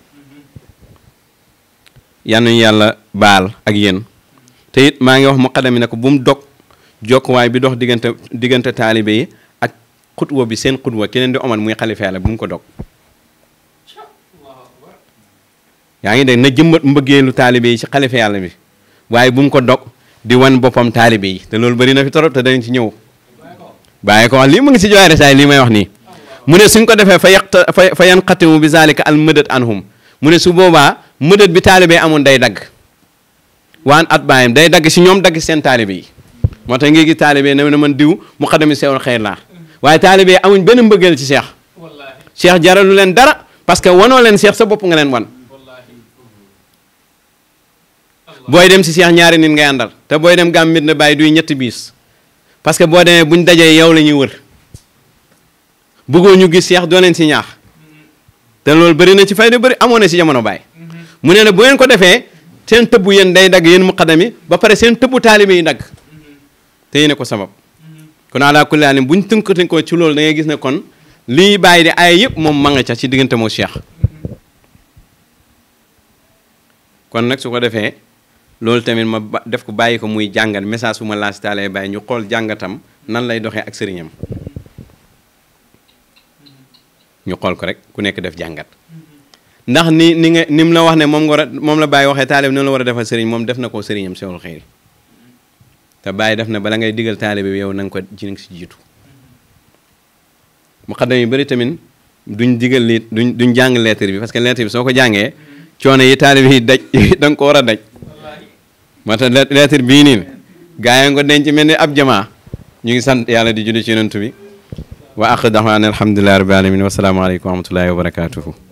Speaker 2: يانو يالا بال اك يين تيت ماغي واخ مقدمي نكو بوم دوك جوك واي بي دوخ ديغنت ديغنت طالبي اك خطوه بي سين خطوه كينن دي اومال موي خليفه يالا بوم كو دوك yaa ngi dégg na jëmbat mbëggeelu taalibe yi ci xalifa yàlla bi waaye bu mu ko dog di wan boppam taalibe te loolu bëri na fi torop te danañ ci ñëw bàyyi ko wax lii mu ngi si jooy resaay lii may wax nii mu suñ ko defee fa yanqatimu bi zalika al mëdët anhum mu ne su boobaa mëdët bi taalibe amoon day dagg waan at baayam day dag si ñoom dagg seen taalibe yi moo tax ngi gis taalibe na man diw mu xadami sewul xëy laa waaye taalibe amuñ benn mbëggeel ci seex seex jaralu leen dara parce que wanoo leen seex sa bopp nga leen wan boy dem ci Cheikh ñaari nit ngay andal te boy dem gàmm na bàyyi duy ñett bis parce que bo demee buñ dajé yow lañu wër bëggo ñu gis Cheikh do leen ci ñaax te lool bari na ci fayda bëri amoon na si jamono bay mu ne ne bu ngeen ko defé seen tëbb yeen day dag yeen muqaddami ba paré seen tëbbu talimi dag te yene ko sabab kon ala kulli alim buñ tënkati ko ci lool da ngay gis ne kon li bay di ay yep mom ma nga ca ci digënté mo Cheikh kon nak su ko loolu tamit ma def ko bàyyi ko muy jàngat message bu ma laas taalee bàyyi ñu xool jàngatam nan lay doxee ak sëriñam ñu xool ko rek ku nekk def jàngat ndax ni ni nga ni mu la wax ne moom war a moom la bàyyi waxee taalibe noonu la war a defal sëriñ moom def na ko sëriñam sewul xëyri te bàyyi def na bala ngay digal taalibe bi yow na ko ci nga si jiitu mu xaddam yu bari tamit duñ digal li duñ duñ jàng lettre bi parce que lettre bi soo ko jàngee coono yi taalibe yi daj da ko war a daj moo tax lettre bii nii gaa yi nga denc mel ni ab jamaa ñu ngi sant yàlla di julli ci yonent bi wa aq daxwaan alhamdulilahi rabbil alamin wasalaamualeykum wa rahmatullahi wa barakatuhu